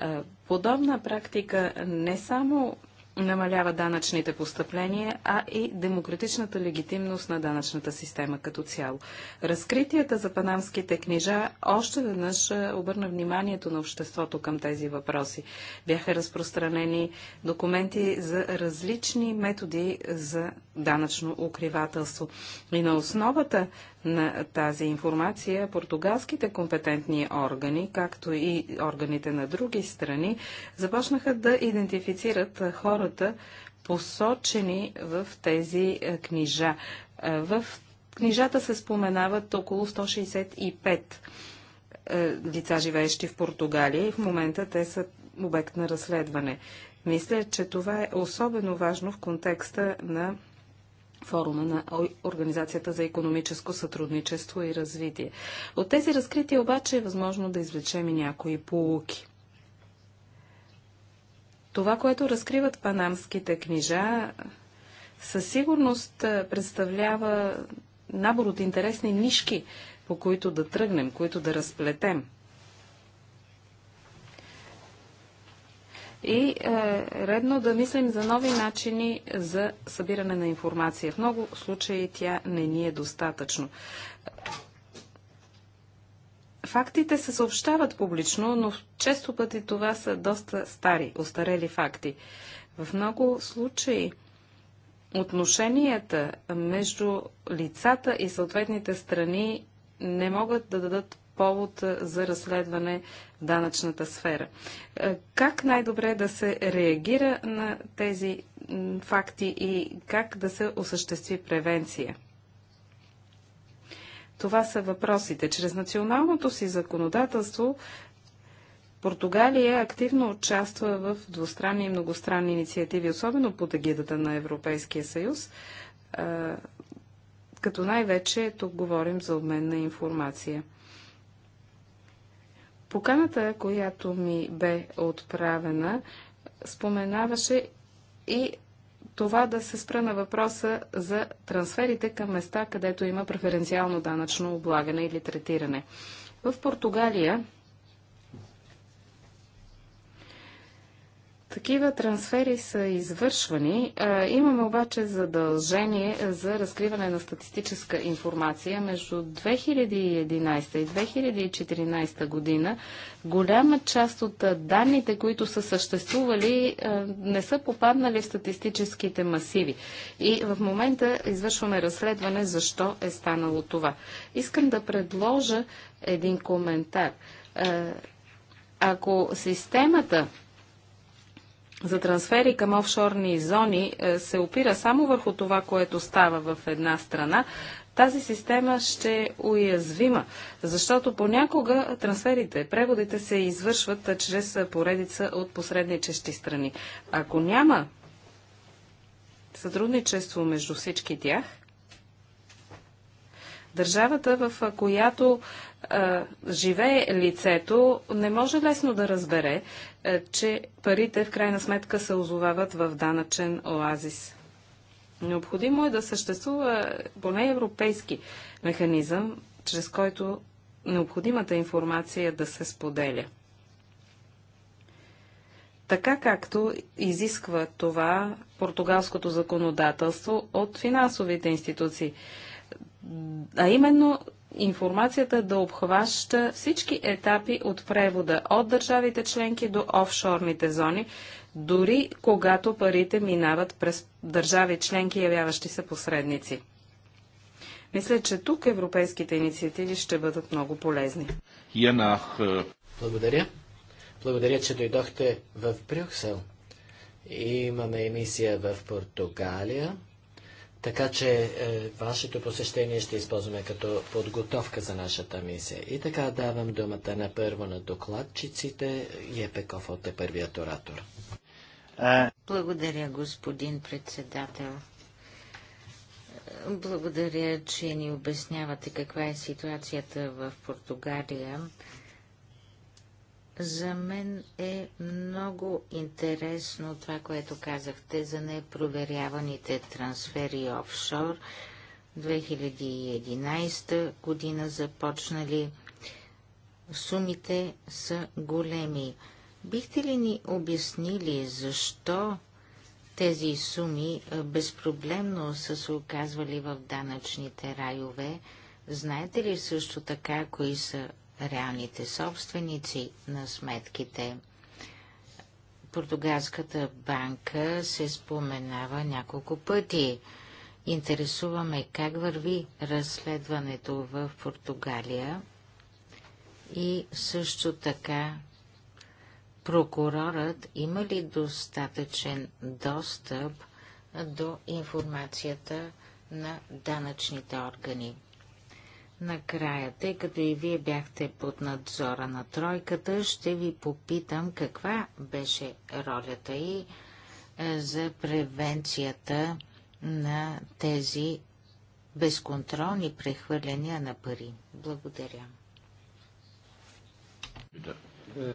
Е, подобна практика не само намалява данъчните постъпления, а и демократичната легитимност на данъчната система като цяло. Разкритията за панамските книжа още веднъж е, обърна вниманието на обществото към тези въпроси. Бяха разпространени документи за различни методи за данъчно укривателство. И на основата на тази информация, португалските компетентни органи, както и органите на други страни, започнаха да идентифицират хората, посочени в тези е, книжа. Е, в книжата се споменават около 165 е, лица, живеещи в Португалия и в момента те са обект на разследване. Мисля, че това е особено важно в контекста на форума на Организацията за економическо сътрудничество и развитие. От тези разкрития обаче е възможно да извлечем и някои полуки. Това, което разкриват панамските книжа, със сигурност представлява набор от интересни нишки, по които да тръгнем, които да разплетем. и е редно да мислим за нови начини за събиране на информация. В много случаи тя не ни е достатъчно. Фактите се съобщават публично, но често пъти това са доста стари, остарели факти. В много случаи отношенията между лицата и съответните страни не могат да дадат повод за разследване в данъчната сфера. Как най-добре да се реагира на тези факти и как да се осъществи превенция? Това са въпросите. Чрез националното си законодателство Португалия активно участва в двустранни и многостранни инициативи, особено под егидата на Европейския съюз, като най-вече тук говорим за обмен на информация. Поканата, която ми бе отправена, споменаваше и това да се спра на въпроса за трансферите към места, където има преференциално данъчно облагане или третиране. В Португалия Такива трансфери са извършвани. Имаме обаче задължение за разкриване на статистическа информация. Между 2011 и 2014 година голяма част от данните, които са съществували, не са попаднали в статистическите масиви. И в момента извършваме разследване защо е станало това. Искам да предложа един коментар. Ако системата за трансфери към офшорни зони е, се опира само върху това, което става в една страна, тази система ще е уязвима, защото понякога трансферите, преводите се извършват е, чрез е, поредица от посредничещи страни. Ако няма сътрудничество между всички тях, държавата, в която живее лицето, не може лесно да разбере, че парите в крайна сметка се озовават в данъчен оазис. Необходимо е да съществува поне европейски механизъм, чрез който необходимата информация да се споделя. Така както изисква това португалското законодателство от финансовите институции. А именно информацията да обхваща всички етапи от превода от държавите членки до офшорните зони, дори когато парите минават през държави членки, явяващи се посредници. Мисля, че тук европейските инициативи ще бъдат много полезни. Янах. Е, Благодаря. Благодаря, че дойдохте в Брюксел. Имаме емисия в Португалия. Така че е, вашето посещение ще използваме като подготовка за нашата мисия. И така давам думата на първо на докладчиците. Епеков от е първият оратор. Благодаря, господин председател. Благодаря, че ни обяснявате каква е ситуацията в Португалия. За мен е много интересно това, което казахте за непроверяваните трансфери офшор. 2011 година започнали. Сумите са големи. Бихте ли ни обяснили защо тези суми безпроблемно са се оказвали в данъчните райове? Знаете ли също така, кои са реалните собственици на сметките. Португалската банка се споменава няколко пъти. Интересуваме как върви разследването в Португалия и също така прокурорът има ли достатъчен достъп до информацията на данъчните органи. Накрая, тъй като и вие бяхте под надзора на тройката, ще ви попитам каква беше ролята и е, за превенцията на тези безконтролни прехвърляния на пари. Благодаря.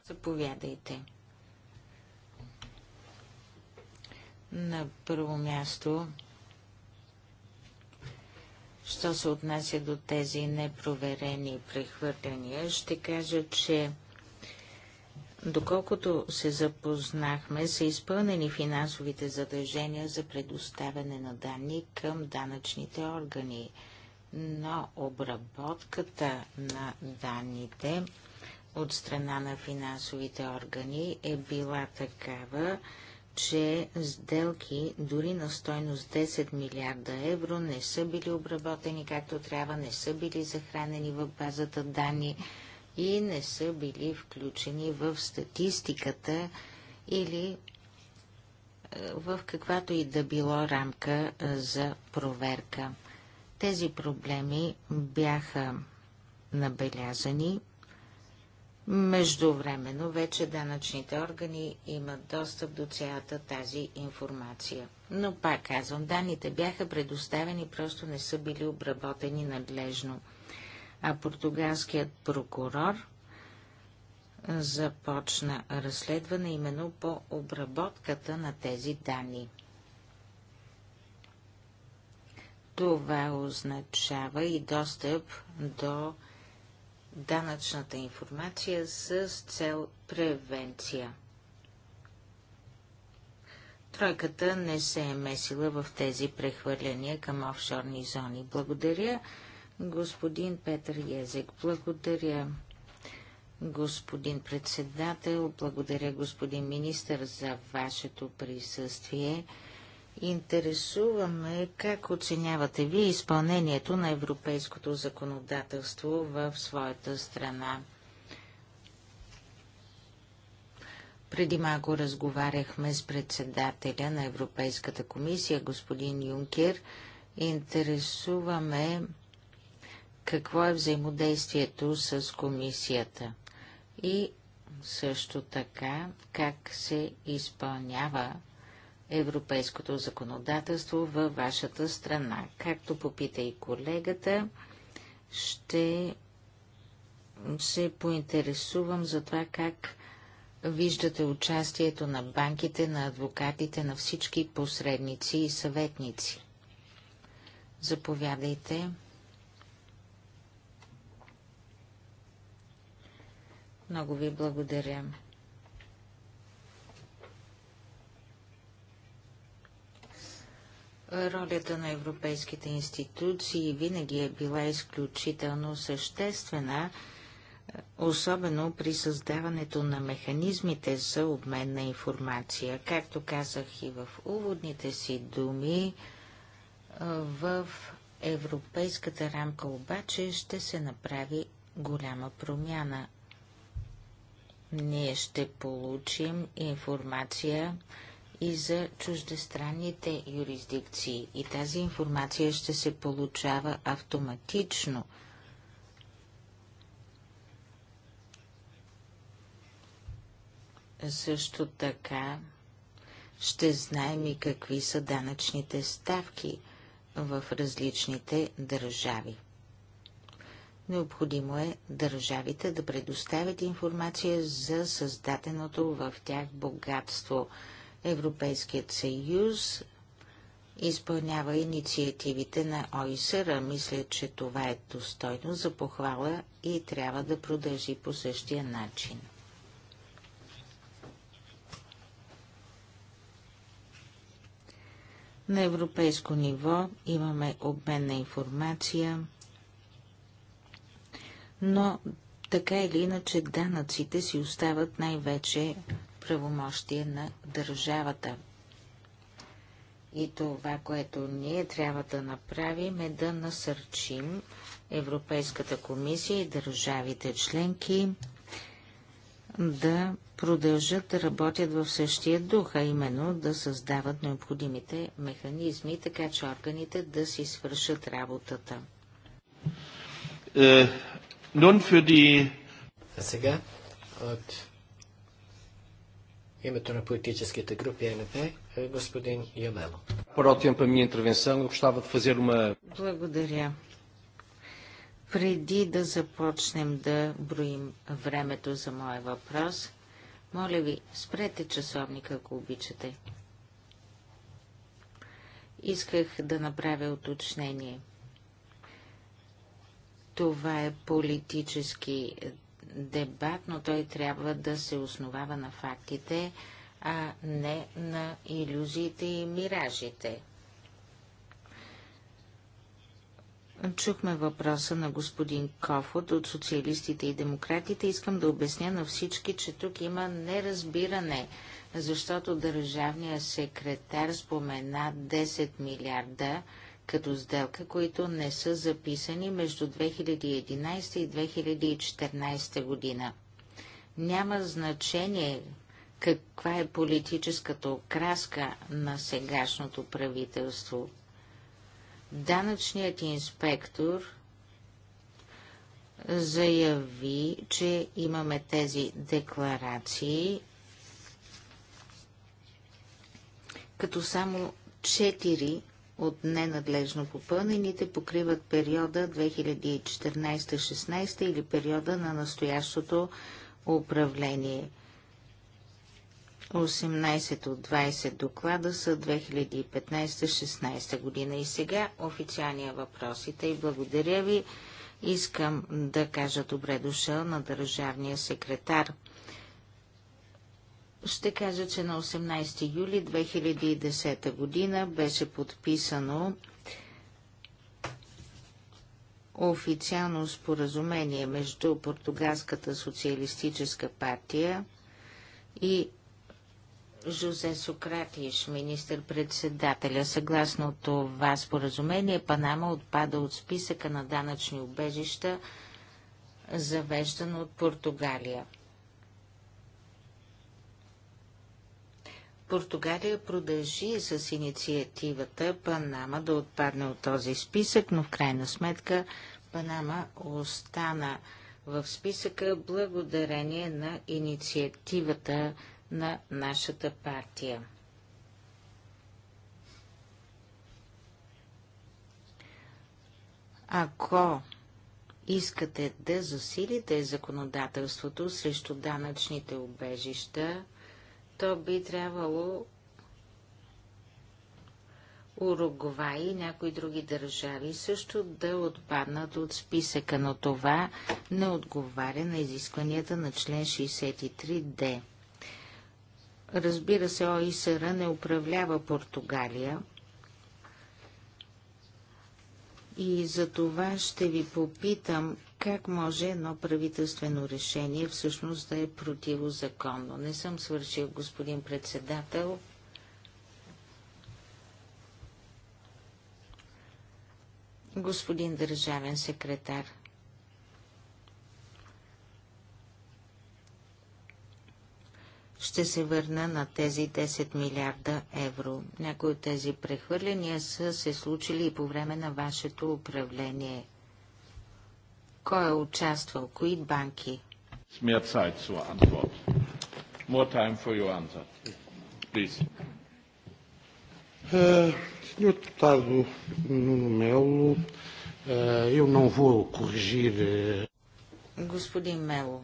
Заповядайте. На първо място Що се отнася до тези непроверени прехвърляния, ще кажа, че доколкото се запознахме, са изпълнени финансовите задължения за предоставяне на данни към данъчните органи, но обработката на данните от страна на финансовите органи е била такава, че сделки дори на стойност 10 милиарда евро не са били обработени както трябва, не са били захранени в базата данни и не са били включени в статистиката или е, в каквато и да било рамка е, за проверка. Тези проблеми бяха набелязани Междувременно вече данъчните органи имат достъп до цялата тази информация. Но пак казвам, данните бяха предоставени, просто не са били обработени надлежно. А португалският прокурор започна разследване именно по обработката на тези данни. Това означава и достъп до данъчната информация с цел превенция. Тройката не се е месила в тези прехвърления към офшорни зони. Благодаря, господин Петър Язек. Благодаря, господин председател. Благодаря, господин министър, за вашето присъствие интересуваме как оценявате вие изпълнението на европейското законодателство в своята страна. Преди малко разговаряхме с председателя на Европейската комисия, господин Юнкер. Интересуваме какво е взаимодействието с комисията и също така как се изпълнява европейското законодателство във вашата страна. Както попита и колегата, ще се поинтересувам за това как виждате участието на банките, на адвокатите, на всички посредници и съветници. Заповядайте. Много ви благодаря. Ролята на европейските институции винаги е била изключително съществена, особено при създаването на механизмите за обмен на информация. Както казах и в уводните си думи, в европейската рамка обаче ще се направи голяма промяна. Ние ще получим информация, и за чуждестранните юрисдикции и тази информация ще се получава автоматично. Също така ще знаем и какви са данъчните ставки в различните държави. Необходимо е държавите да предоставят информация за създаденото в тях богатство – Европейският съюз изпълнява инициативите на ОИСР. Мисля, че това е достойно за похвала и трябва да продължи по същия начин. На европейско ниво имаме обмен на информация, но така или иначе данъците си остават най-вече правомощие на държавата. И това, което ние трябва да направим е да насърчим Европейската комисия и държавите членки да продължат да работят в същия дух, а именно да създават необходимите механизми, така че органите да си свършат работата. für е, die... А сега от името на политическите групи е НП, е господин Йомело. Е Благодаря. Преди да започнем да броим времето за моя въпрос, моля ви, спрете часовника, ако обичате. Исках да направя уточнение. Това е политически дебат, но той трябва да се основава на фактите, а не на иллюзиите и миражите. Чухме въпроса на господин Кофот от социалистите и демократите. Искам да обясня на всички, че тук има неразбиране, защото държавният секретар спомена 10 милиарда като сделка, които не са записани между 2011 и 2014 година. Няма значение каква е политическата окраска на сегашното правителство. Данъчният инспектор заяви, че имаме тези декларации, като само четири от ненадлежно попълнените покриват периода 2014-16 или периода на настоящото управление. 18 от 20 доклада са 2015-16 година. И сега официалния въпрос. И тъй благодаря ви. Искам да кажа добре дошъл на държавния секретар – ще кажа, че на 18 юли 2010 година беше подписано официално споразумение между Португалската социалистическа партия и Жозе Сократиш, министър-председателя. Съгласно това споразумение, Панама отпада от списъка на данъчни убежища, завеждан от Португалия. Португалия продължи с инициативата Панама да отпадне от този списък, но в крайна сметка Панама остана в списъка благодарение на инициативата на нашата партия. Ако искате да засилите законодателството срещу данъчните убежища, то би трябвало Уругвай и някои други държави също да отпаднат от списъка, но това не отговаря на изискванията на член 63D. Разбира се, ОИСР не управлява Португалия и за това ще ви попитам как може едно правителствено решение всъщност да е противозаконно? Не съм свършил, господин председател. Господин държавен секретар. Ще се върна на тези 10 милиарда евро. Някои от тези прехвърляния са се случили и по време на вашето управление. Кой е участвал? Кои банки? Mehr Zeit zur Antwort. More time for your answer. Please. Uh, senhor deputado Nuno Melo, uh, eu não vou corrigir. Uh... Господин Мело,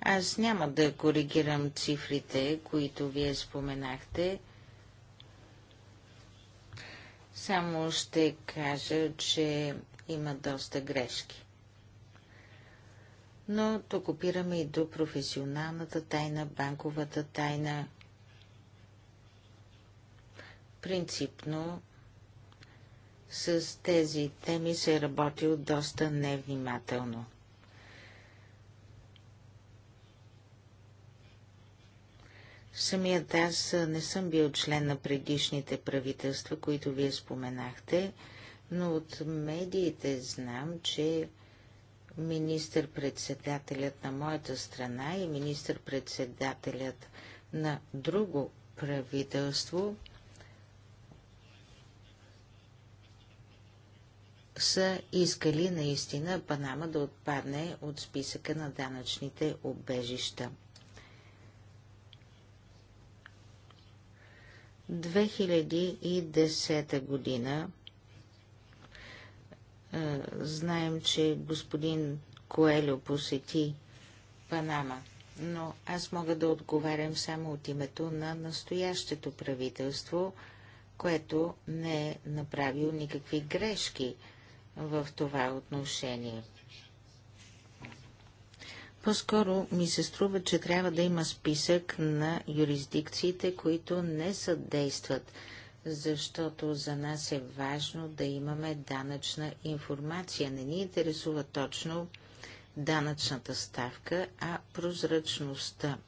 Аз няма да коригирам цифрите, които вие споменахте. Само ще кажа, че има доста грешки. Но тук опираме и до професионалната тайна, банковата тайна. Принципно с тези теми се е работил доста невнимателно. Самият аз не съм бил член на предишните правителства, които вие споменахте, но от медиите знам, че министър-председателят на моята страна и министър-председателят на друго правителство са искали наистина Панама да отпадне от списъка на данъчните обежища. 2010 година знаем, че господин Коелю посети Панама, но аз мога да отговарям само от името на настоящето правителство, което не е направил никакви грешки в това отношение. По-скоро ми се струва, че трябва да има списък на юрисдикциите, които не съдействат, защото за нас е важно да имаме данъчна информация. Не ни интересува точно данъчната ставка, а прозрачността.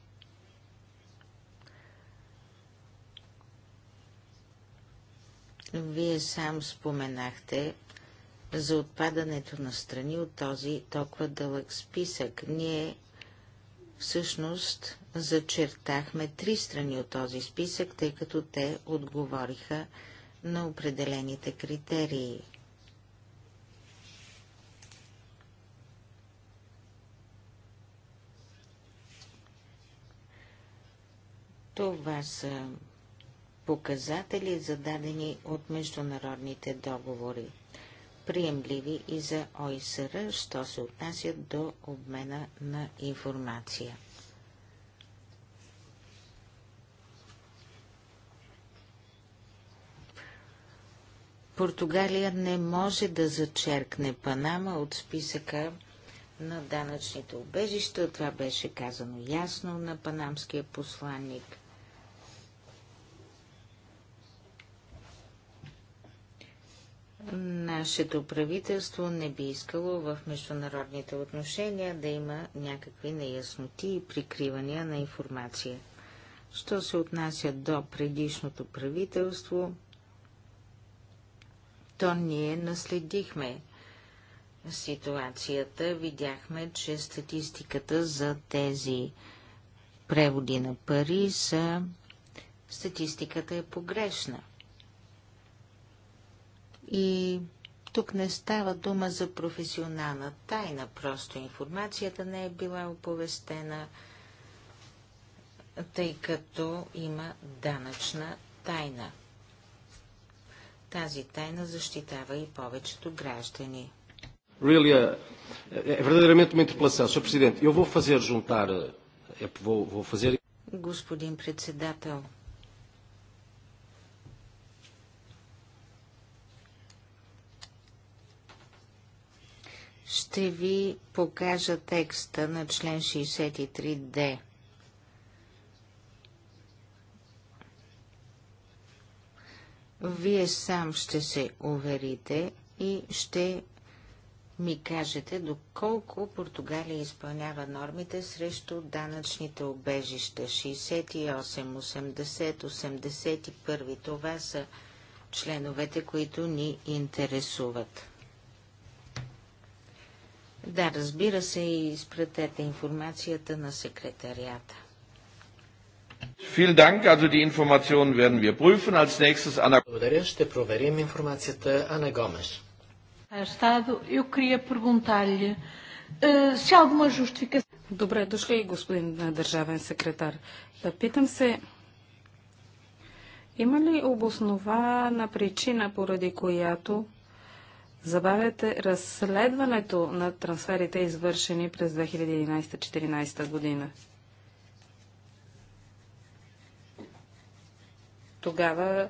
Вие сам споменахте за отпадането на страни от този толкова дълъг списък. Ние всъщност зачертахме три страни от този списък, тъй като те отговориха на определените критерии. Това са показатели, зададени от международните договори приемливи и за ОИСР, що се отнасят до обмена на информация. Португалия не може да зачеркне Панама от списъка на данъчните убежища. Това беше казано ясно на панамския посланник. Нашето правителство не би искало в международните отношения да има някакви неясноти и прикривания на информация. Що се отнася до предишното правителство, то ние наследихме ситуацията. Видяхме, че статистиката за тези преводи на пари са... Статистиката е погрешна. И тук не става дума за професионална тайна, просто информацията не е била оповестена, тъй като има данъчна тайна. Тази тайна защитава и повечето граждани. Really, é е, е, е verdadeiramente uma interpelação, Sr. Presidente. Eu vou fazer juntar, vou, vou Господин председател, Ще ви покажа текста на член 63D. Вие сам ще се уверите и ще ми кажете доколко Португалия изпълнява нормите срещу данъчните обежища 68, 80, 81. Това са членовете, които ни интересуват. Да, разбира се, и изпратете информацията на секретарията. Благодаря, ще проверим информацията Ана Гомеш. Е, е, Добре дошли, господин е, държавен секретар. Да питам се, има ли обоснована причина, поради която забавяте разследването на трансферите, извършени през 2011-2014 година. Тогава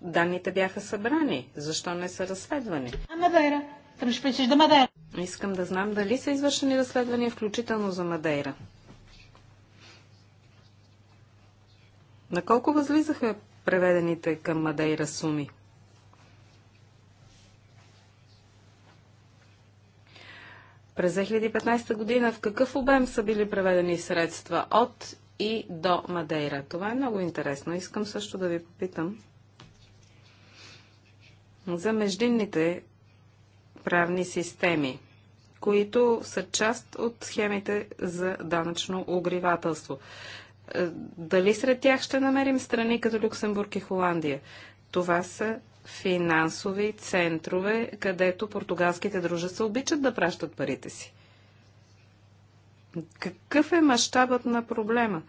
данните бяха събрани. Защо не са разследвани? Мадейра. Тръжпичиш да Мадейра. Искам да знам дали са извършени разследвания, включително за Мадейра. На колко възлизаха преведените към Мадейра суми? През 2015 година в какъв обем са били преведени средства от и до Мадейра? Това е много интересно. Искам също да ви попитам за междинните правни системи, които са част от схемите за данъчно огривателство. Е, дали сред тях ще намерим страни като Люксембург и Холандия? Това са финансови центрове, където португалските дружества обичат да пращат парите си. Какъв е мащабът на проблема?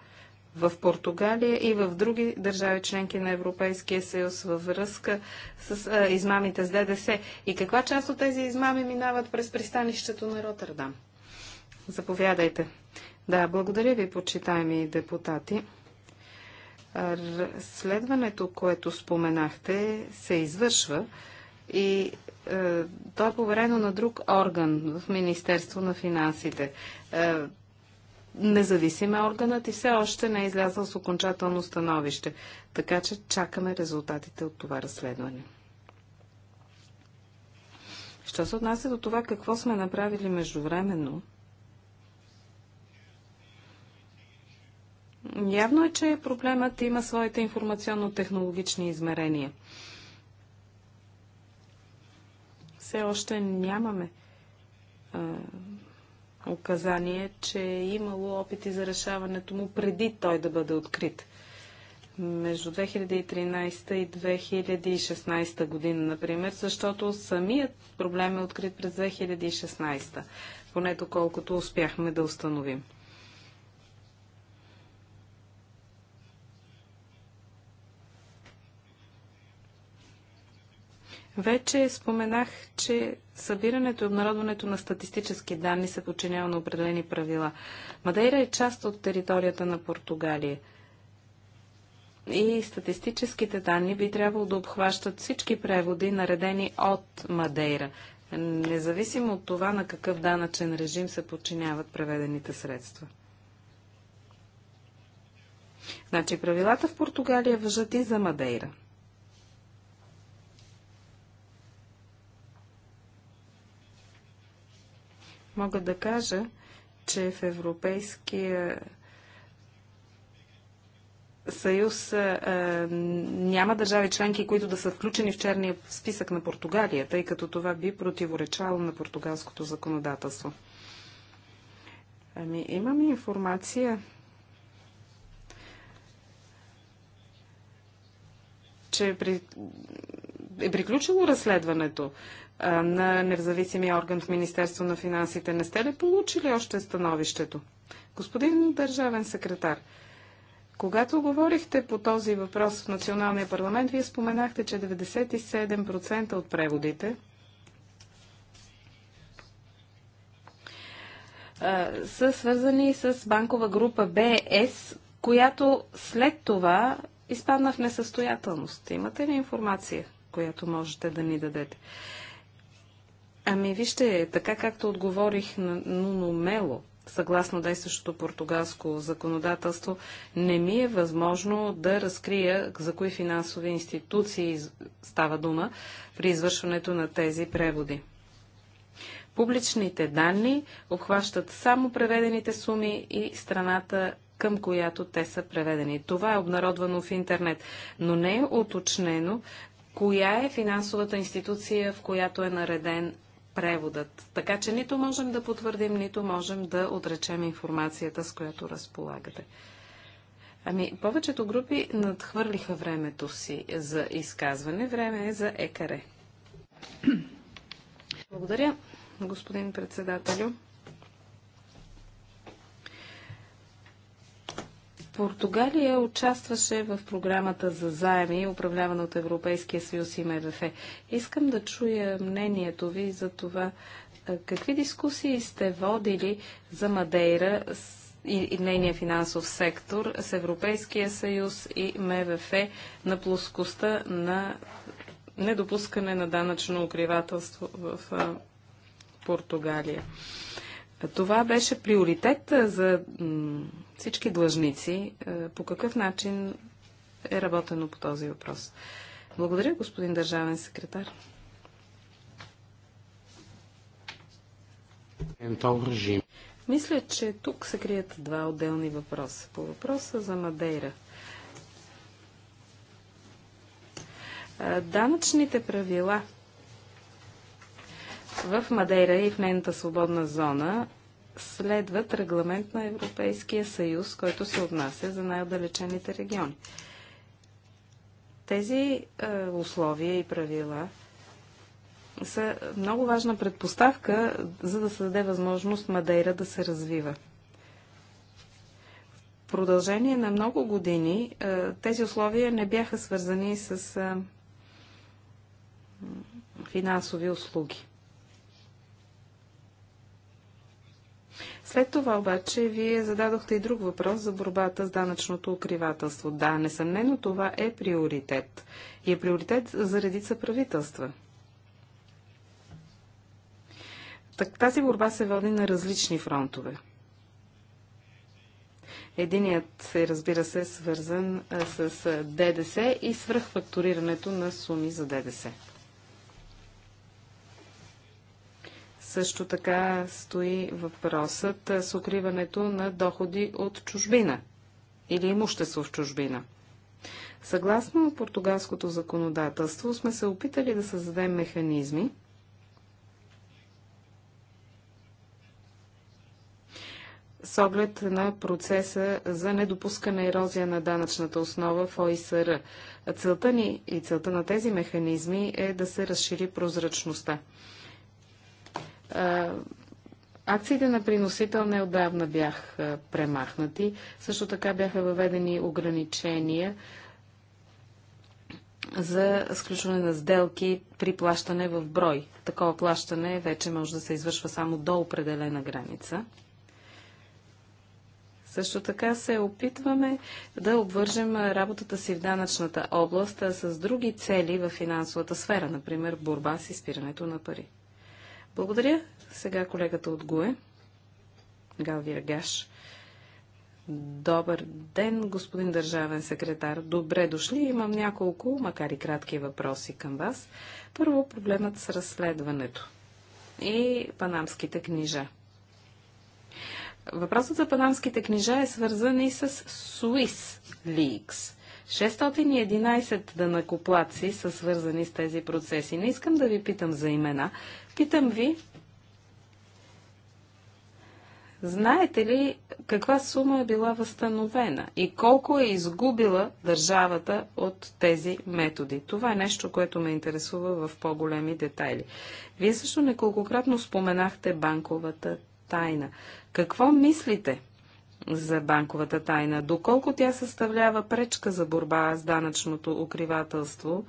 в Португалия и в други държави членки на Европейския съюз във връзка с а, измамите с ДДС. И каква част от тези измами минават през пристанището на Ротърдам? Заповядайте. Да, благодаря ви, почитаеми депутати. Разследването, което споменахте, се извършва и е, то е поверено на друг орган в Министерство на финансите. Е, независим е органът и все още не е излязъл с окончателно становище. Така че чакаме резултатите от това разследване. Що се отнася до това какво сме направили междувременно, Явно е, че проблемът има своите информационно-технологични измерения. Все още нямаме а, указание, че е имало опити за решаването му преди той да бъде открит. Между 2013 и 2016 година, например, защото самият проблем е открит през 2016, поне доколкото успяхме да установим. Вече споменах, че събирането и обнародването на статистически данни се подчинява на определени правила. Мадейра е част от територията на Португалия. И статистическите данни би трябвало да обхващат всички преводи, наредени от Мадейра, независимо от това на какъв данъчен режим се подчиняват преведените средства. Значи правилата в Португалия въжат и за Мадейра. мога да кажа, че в Европейския съюз а, няма държави членки, които да са включени в черния списък на Португалия, тъй като това би противоречало на португалското законодателство. Ами, имаме информация, че при... е приключило разследването на независимия орган в Министерство на финансите. Не сте ли получили още становището? Господин държавен секретар, когато говорихте по този въпрос в Националния парламент, вие споменахте, че 97% от преводите са свързани с банкова група БС, която след това изпадна в несъстоятелност. Имате ли информация, която можете да ни дадете? Ами вижте, така както отговорих на Нуно Мело, съгласно действащото португалско законодателство, не ми е възможно да разкрия за кои финансови институции става дума при извършването на тези преводи. Публичните данни обхващат само преведените суми и страната към която те са преведени. Това е обнародвано в интернет, но не е уточнено коя е финансовата институция, в която е нареден преводът. Така че нито можем да потвърдим, нито можем да отречем информацията, с която разполагате. Ами, повечето групи надхвърлиха времето си за изказване. Време е за екаре. Благодаря, господин председателю. Португалия участваше в програмата за заеми, управлявана от Европейския съюз и МВФ. Искам да чуя мнението ви за това какви дискусии сте водили за Мадейра и, и нейния финансов сектор с Европейския съюз и МВФ на плоскостта на недопускане на данъчно укривателство в а, Португалия. Това беше приоритет за всички длъжници. Е, по какъв начин е работено по този въпрос? Благодаря, господин държавен секретар. Мисля, че тук се крият два отделни въпроса. По въпроса за Мадейра. Е, данъчните правила в Мадейра и в нейната свободна зона следват регламент на Европейския съюз, който се отнася за най-отдалечените региони. Тези е, условия и правила са много важна предпоставка, за да се даде възможност Мадейра да се развива. В продължение на много години е, тези условия не бяха свързани с е, финансови услуги. След това обаче вие зададохте и друг въпрос за борбата с данъчното укривателство. Да, несъмнено това е приоритет. И е приоритет за редица правителства. Так, тази борба се води на различни фронтове. Единият е, разбира се, свързан с ДДС и свръхфактурирането на суми за ДДС. Също така стои въпросът с укриването на доходи от чужбина или имущество в чужбина. Съгласно португалското законодателство сме се опитали да създадем механизми, с оглед на процеса за недопускане ерозия на данъчната основа в ОИСР. Целта ни и целта на тези механизми е да се разшири прозрачността. Е, акциите на приносител неодавна бяха е, премахнати. Също така бяха въведени ограничения за сключване на сделки при плащане в брой. Такова плащане вече може да се извършва само до определена граница. Също така се опитваме да обвържем работата си в данъчната област с други цели в финансовата сфера, например борба с изпирането на пари. Благодаря. Сега колегата от ГУЕ, Галвия Гаш. Добър ден, господин държавен секретар. Добре дошли. Имам няколко, макар и кратки въпроси към вас. Първо, проблемът с разследването и панамските книжа. Въпросът за панамските книжа е свързан и с Swiss Leaks. 611 данакоплаци са свързани с тези процеси. Не искам да ви питам за имена. Питам ви, знаете ли каква сума е била възстановена и колко е изгубила държавата от тези методи? Това е нещо, което ме интересува в по-големи детайли. Вие също неколкократно споменахте банковата тайна. Какво мислите за банковата тайна. Доколко тя съставлява пречка за борба с данъчното укривателство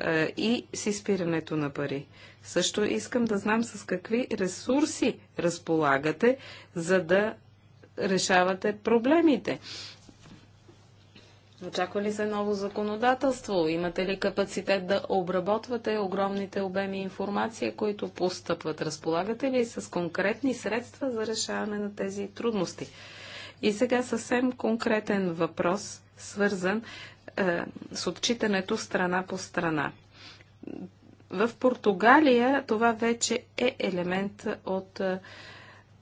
е, и с изпирането на пари? Също искам да знам с какви ресурси разполагате, за да решавате проблемите. Очаква ли се ново законодателство? Имате ли капацитет да обработвате огромните обеми информация, които постъпват? Разполагате ли с конкретни средства за решаване на тези трудности? И сега съвсем конкретен въпрос, свързан е, с отчитането страна по страна. В Португалия това вече е елемент от е,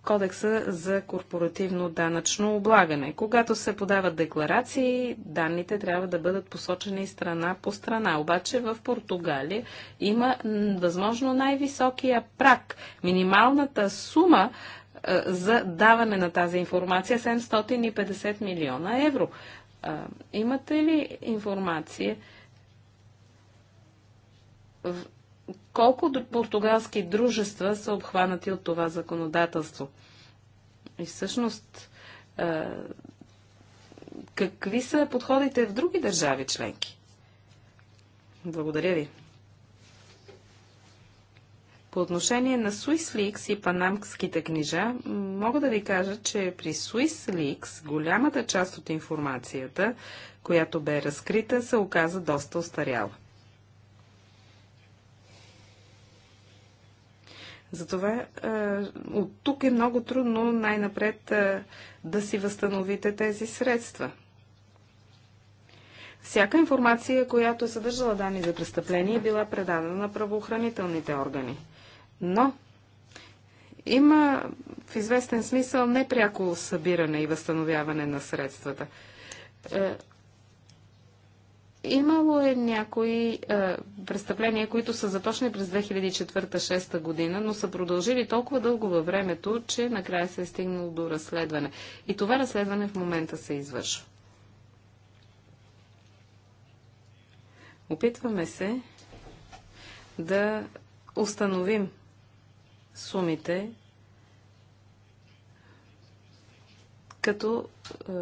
Кодекса за корпоративно данъчно облагане. Когато се подават декларации, данните трябва да бъдат посочени страна по страна. Обаче в Португалия има възможно най-високия прак. Минималната сума е, за даване на тази информация 750 милиона евро. Е, имате ли информация колко португалски дружества са обхванати от това законодателство? И всъщност, е, какви са подходите в други държави членки? Благодаря ви. По отношение на Leaks и панамските книжа, мога да ви кажа, че при Leaks голямата част от информацията, която бе разкрита, се оказа доста остаряла. Затова е, от тук е много трудно най-напред е, да си възстановите тези средства. Всяка информация, която е съдържала данни за престъпление, била предадена на правоохранителните органи. Но има в известен смисъл непряко събиране и възстановяване на средствата. Е, имало е някои е, престъпления, които са започнали през 2004-2006 година, но са продължили толкова дълго във времето, че накрая се е стигнало до разследване. И това разследване в момента се извършва. Опитваме се да установим сумите, като е,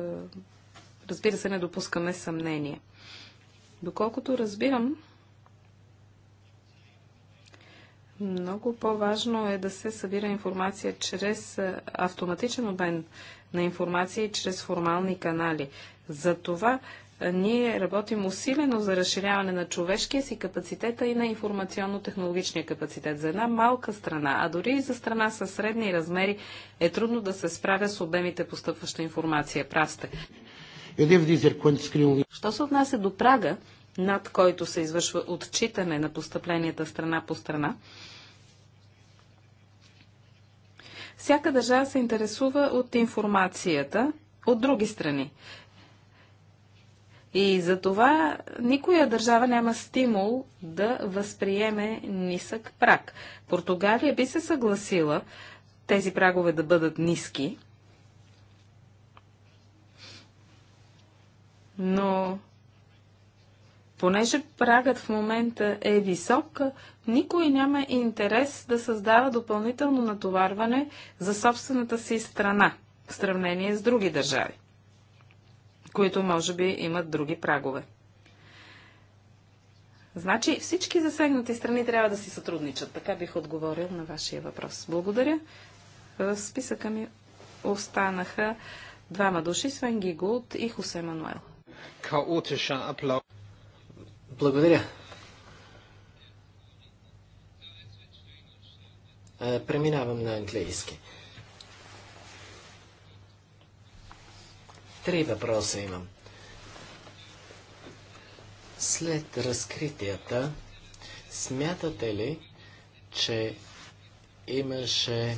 разбира се не допускаме съмнение. Доколкото разбирам, много по-важно е да се събира информация чрез е, автоматичен обмен на информация и чрез формални канали. За това ние работим усилено за разширяване на човешкия си капацитет и на информационно-технологичния капацитет. За една малка страна, а дори и за страна с средни размери, е трудно да се справя с обемите постъпваща информация. Прав сте. Um Що се отнася до прага, над който се извършва отчитане на постъпленията страна по страна, всяка държава се интересува от информацията от други страни. И за това никоя държава няма стимул да възприеме нисък прак. Португалия би се съгласила тези прагове да бъдат ниски, но понеже прагът в момента е висок, никой няма интерес да създава допълнително натоварване за собствената си страна в сравнение с други държави които може би имат други прагове. Значи всички засегнати страни трябва да си сътрудничат. Така бих отговорил на вашия въпрос. Благодаря. В списъка ми останаха двама души, Свен Гигулт и Хосе Мануел. Благодаря. Е, преминавам на английски. Три въпроса имам. След разкритията, смятате ли, че имаше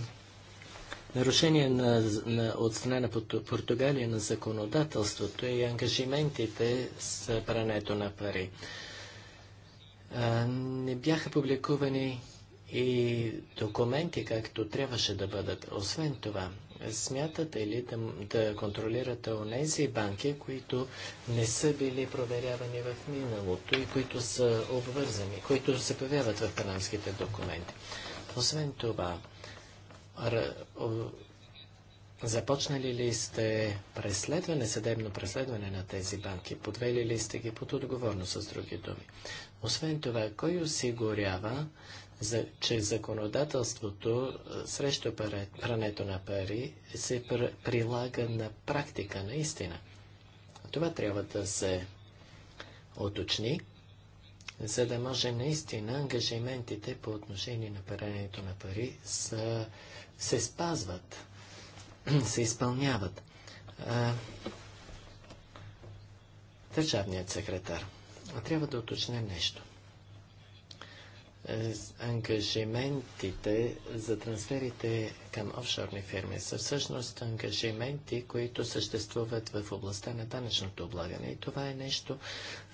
нарушение на, на, от страна на Португалия на законодателството и ангажиментите с прането на пари? А, не бяха публикувани и документи, както трябваше да бъдат. Освен това, Смятате ли да, да контролирате онези банки, които не са били проверявани в миналото и които са обвързани, които се появяват в панамските документи? Освен това, започнали ли сте преследване, съдебно преследване на тези банки? Подвели ли сте ги под отговорност с други думи? Освен това, кой осигурява за, че законодателството срещу прането на пари се пр прилага на практика, наистина. Това трябва да се оточни, за да може наистина ангажиментите по отношение на прането на пари са, се спазват, се изпълняват. А, държавният секретар. Трябва да оточнем нещо ангажиментите за трансферите към офшорни фирми са всъщност ангажименти, които съществуват в областта на данъчното облагане. И това е нещо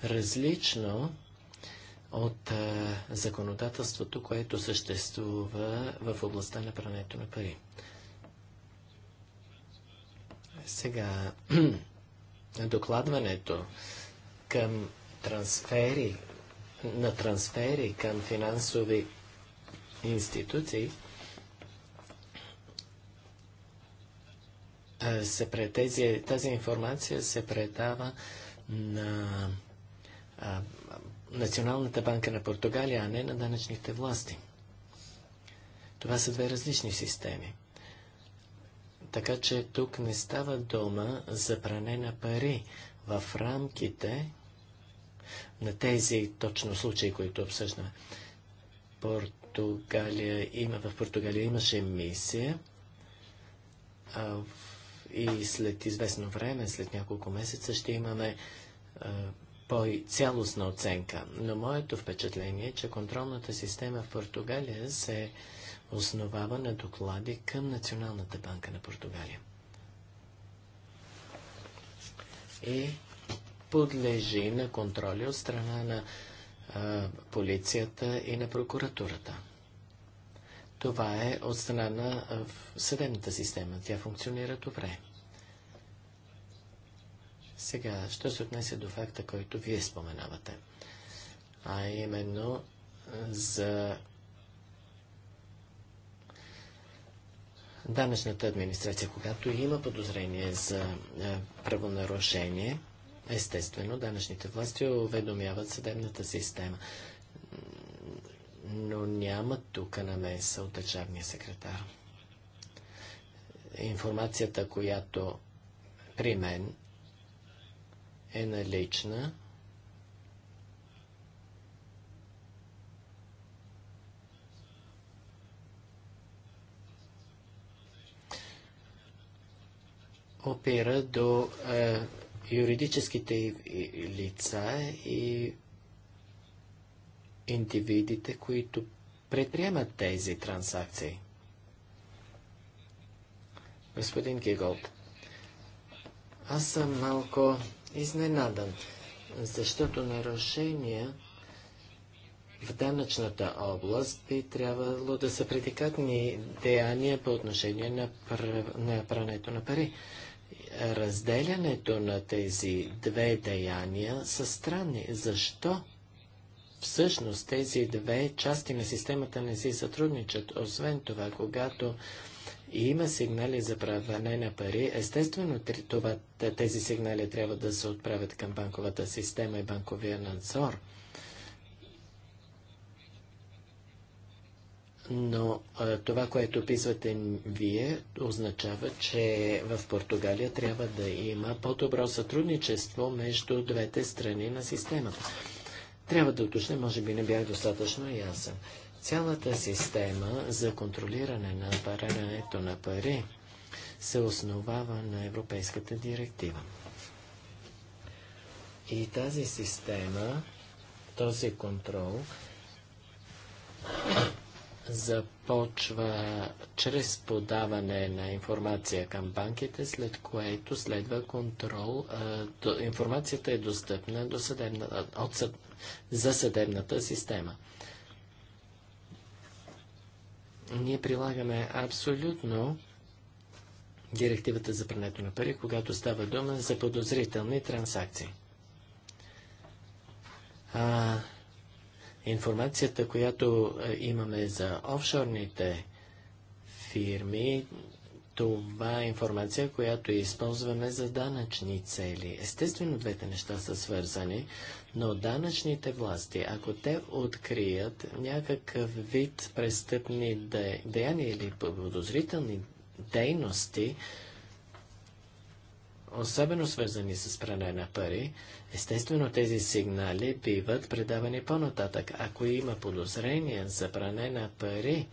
различно от а, законодателството, което съществува в областта на прането на пари. Сега, докладването към трансфери на трансфери към финансови институции, се пред тези, тази информация се предава на а, Националната банка на Португалия, а не на данъчните власти. Това са две различни системи. Така че тук не става дума за пране на пари в рамките на тези точно случаи, които обсъждаме. Португалия има, в Португалия имаше мисия а, и след известно време, след няколко месеца, ще имаме по-цялостна оценка. Но моето впечатление е, че контролната система в Португалия се основава на доклади към Националната банка на Португалия. И подлежи на контроли от страна на а, полицията и на прокуратурата. Това е от страна на съдебната система. Тя функционира добре. Сега, що се отнесе до факта, който вие споменавате, а именно за данъчната администрация, когато има подозрение за правонарушение, Естествено, данъчните власти уведомяват съдебната система, но няма тук намеса от държавния секретар. Информацията, която при мен е налична, опира до е, юридическите лица и индивидите, които предприемат тези транзакции. Господин Гиголд, аз съм малко изненадан, защото нарушения в данъчната област би трябвало да са предикатни деяния по отношение на, пр... на прането на пари разделянето на тези две деяния са странни. Защо? Всъщност тези две части на системата не си сътрудничат. Освен това, когато има сигнали за правене на пари, естествено това, тези сигнали трябва да се отправят към банковата система и банковия надзор. но а, това, което описвате вие, означава, че в Португалия трябва да има по-добро сътрудничество между двете страни на системата. Трябва да уточня, може би не бях достатъчно ясен. Цялата система за контролиране на парането на пари се основава на Европейската директива. И тази система, този контрол започва чрез подаване на информация към банките, след което следва контрол. информацията е достъпна до съдебна, от съд, за съдебната система. Ние прилагаме абсолютно директивата за прането на пари, когато става дума за подозрителни транзакции. А, Информацията, която е, имаме за офшорните фирми, това е информация, която използваме за данъчни цели. Естествено, двете неща са свързани, но данъчните власти, ако те открият някакъв вид престъпни деяния или подозрителни дейности, особено свързани с пране на пари, естествено тези сигнали биват предавани по-нататък. Ако има подозрение за пране на пари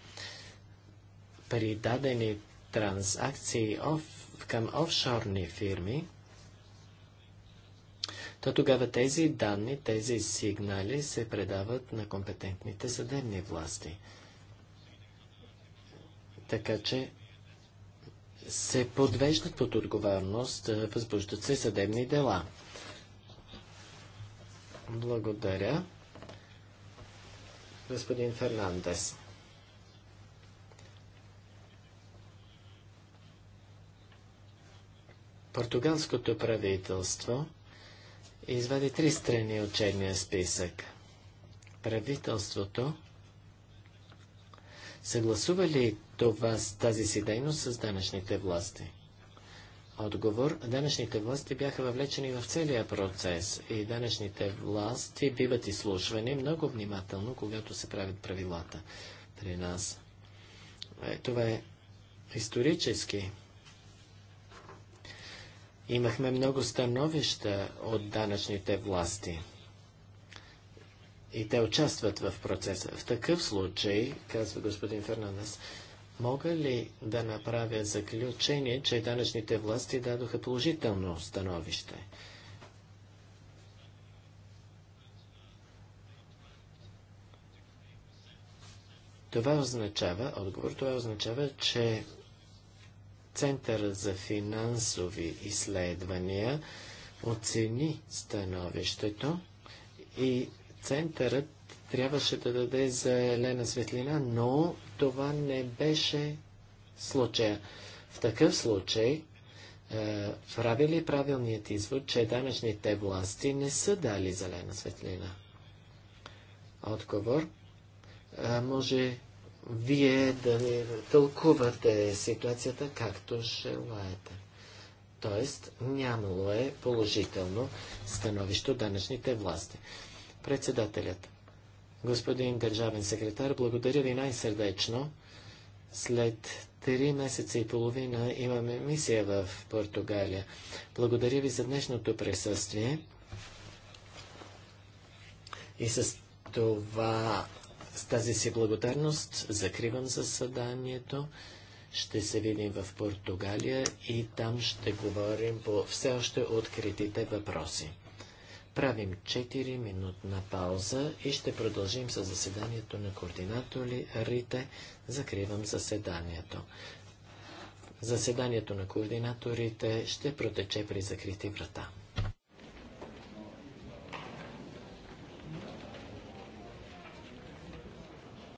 при дадени транзакции към офшорни фирми, то тогава тези данни, тези сигнали се предават на компетентните съдебни власти. Така че се подвеждат под отговорност, възбуждат се съдебни дела. Благодаря. Господин Фернандес. Португалското правителство извади три страни от черния списък. Правителството съгласува ли това, тази си дейност с данъчните власти? Отговор. Данъчните власти бяха въвлечени в целия процес и данъчните власти биват изслушвани много внимателно, когато се правят правилата при нас. Е, това е исторически. Имахме много становища от данъчните власти и те участват в процеса. В такъв случай, казва господин Фернандес, Мога ли да направя заключение, че данъчните власти дадоха положително становище? Това означава, отговор, това означава, че Център за финансови изследвания оцени становището и центърът трябваше да даде зелена светлина, но това не беше случая. В такъв случай е, прави ли правилният извод, че данъчните власти не са дали зелена светлина? Отговор. Е, може вие да тълкувате ситуацията както желаете. Тоест, нямало е положително становище данъчните власти. Председателят. Господин държавен секретар, благодаря ви най-сърдечно. След три месеца и половина имаме мисия в Португалия. Благодаря ви за днешното присъствие. И с това, с тази си благодарност, закривам заседанието. Ще се видим в Португалия и там ще говорим по все още откритите въпроси. Правим 4-минутна пауза и ще продължим с заседанието на координаторите. Закривам заседанието. Заседанието на координаторите ще протече при закрити врата.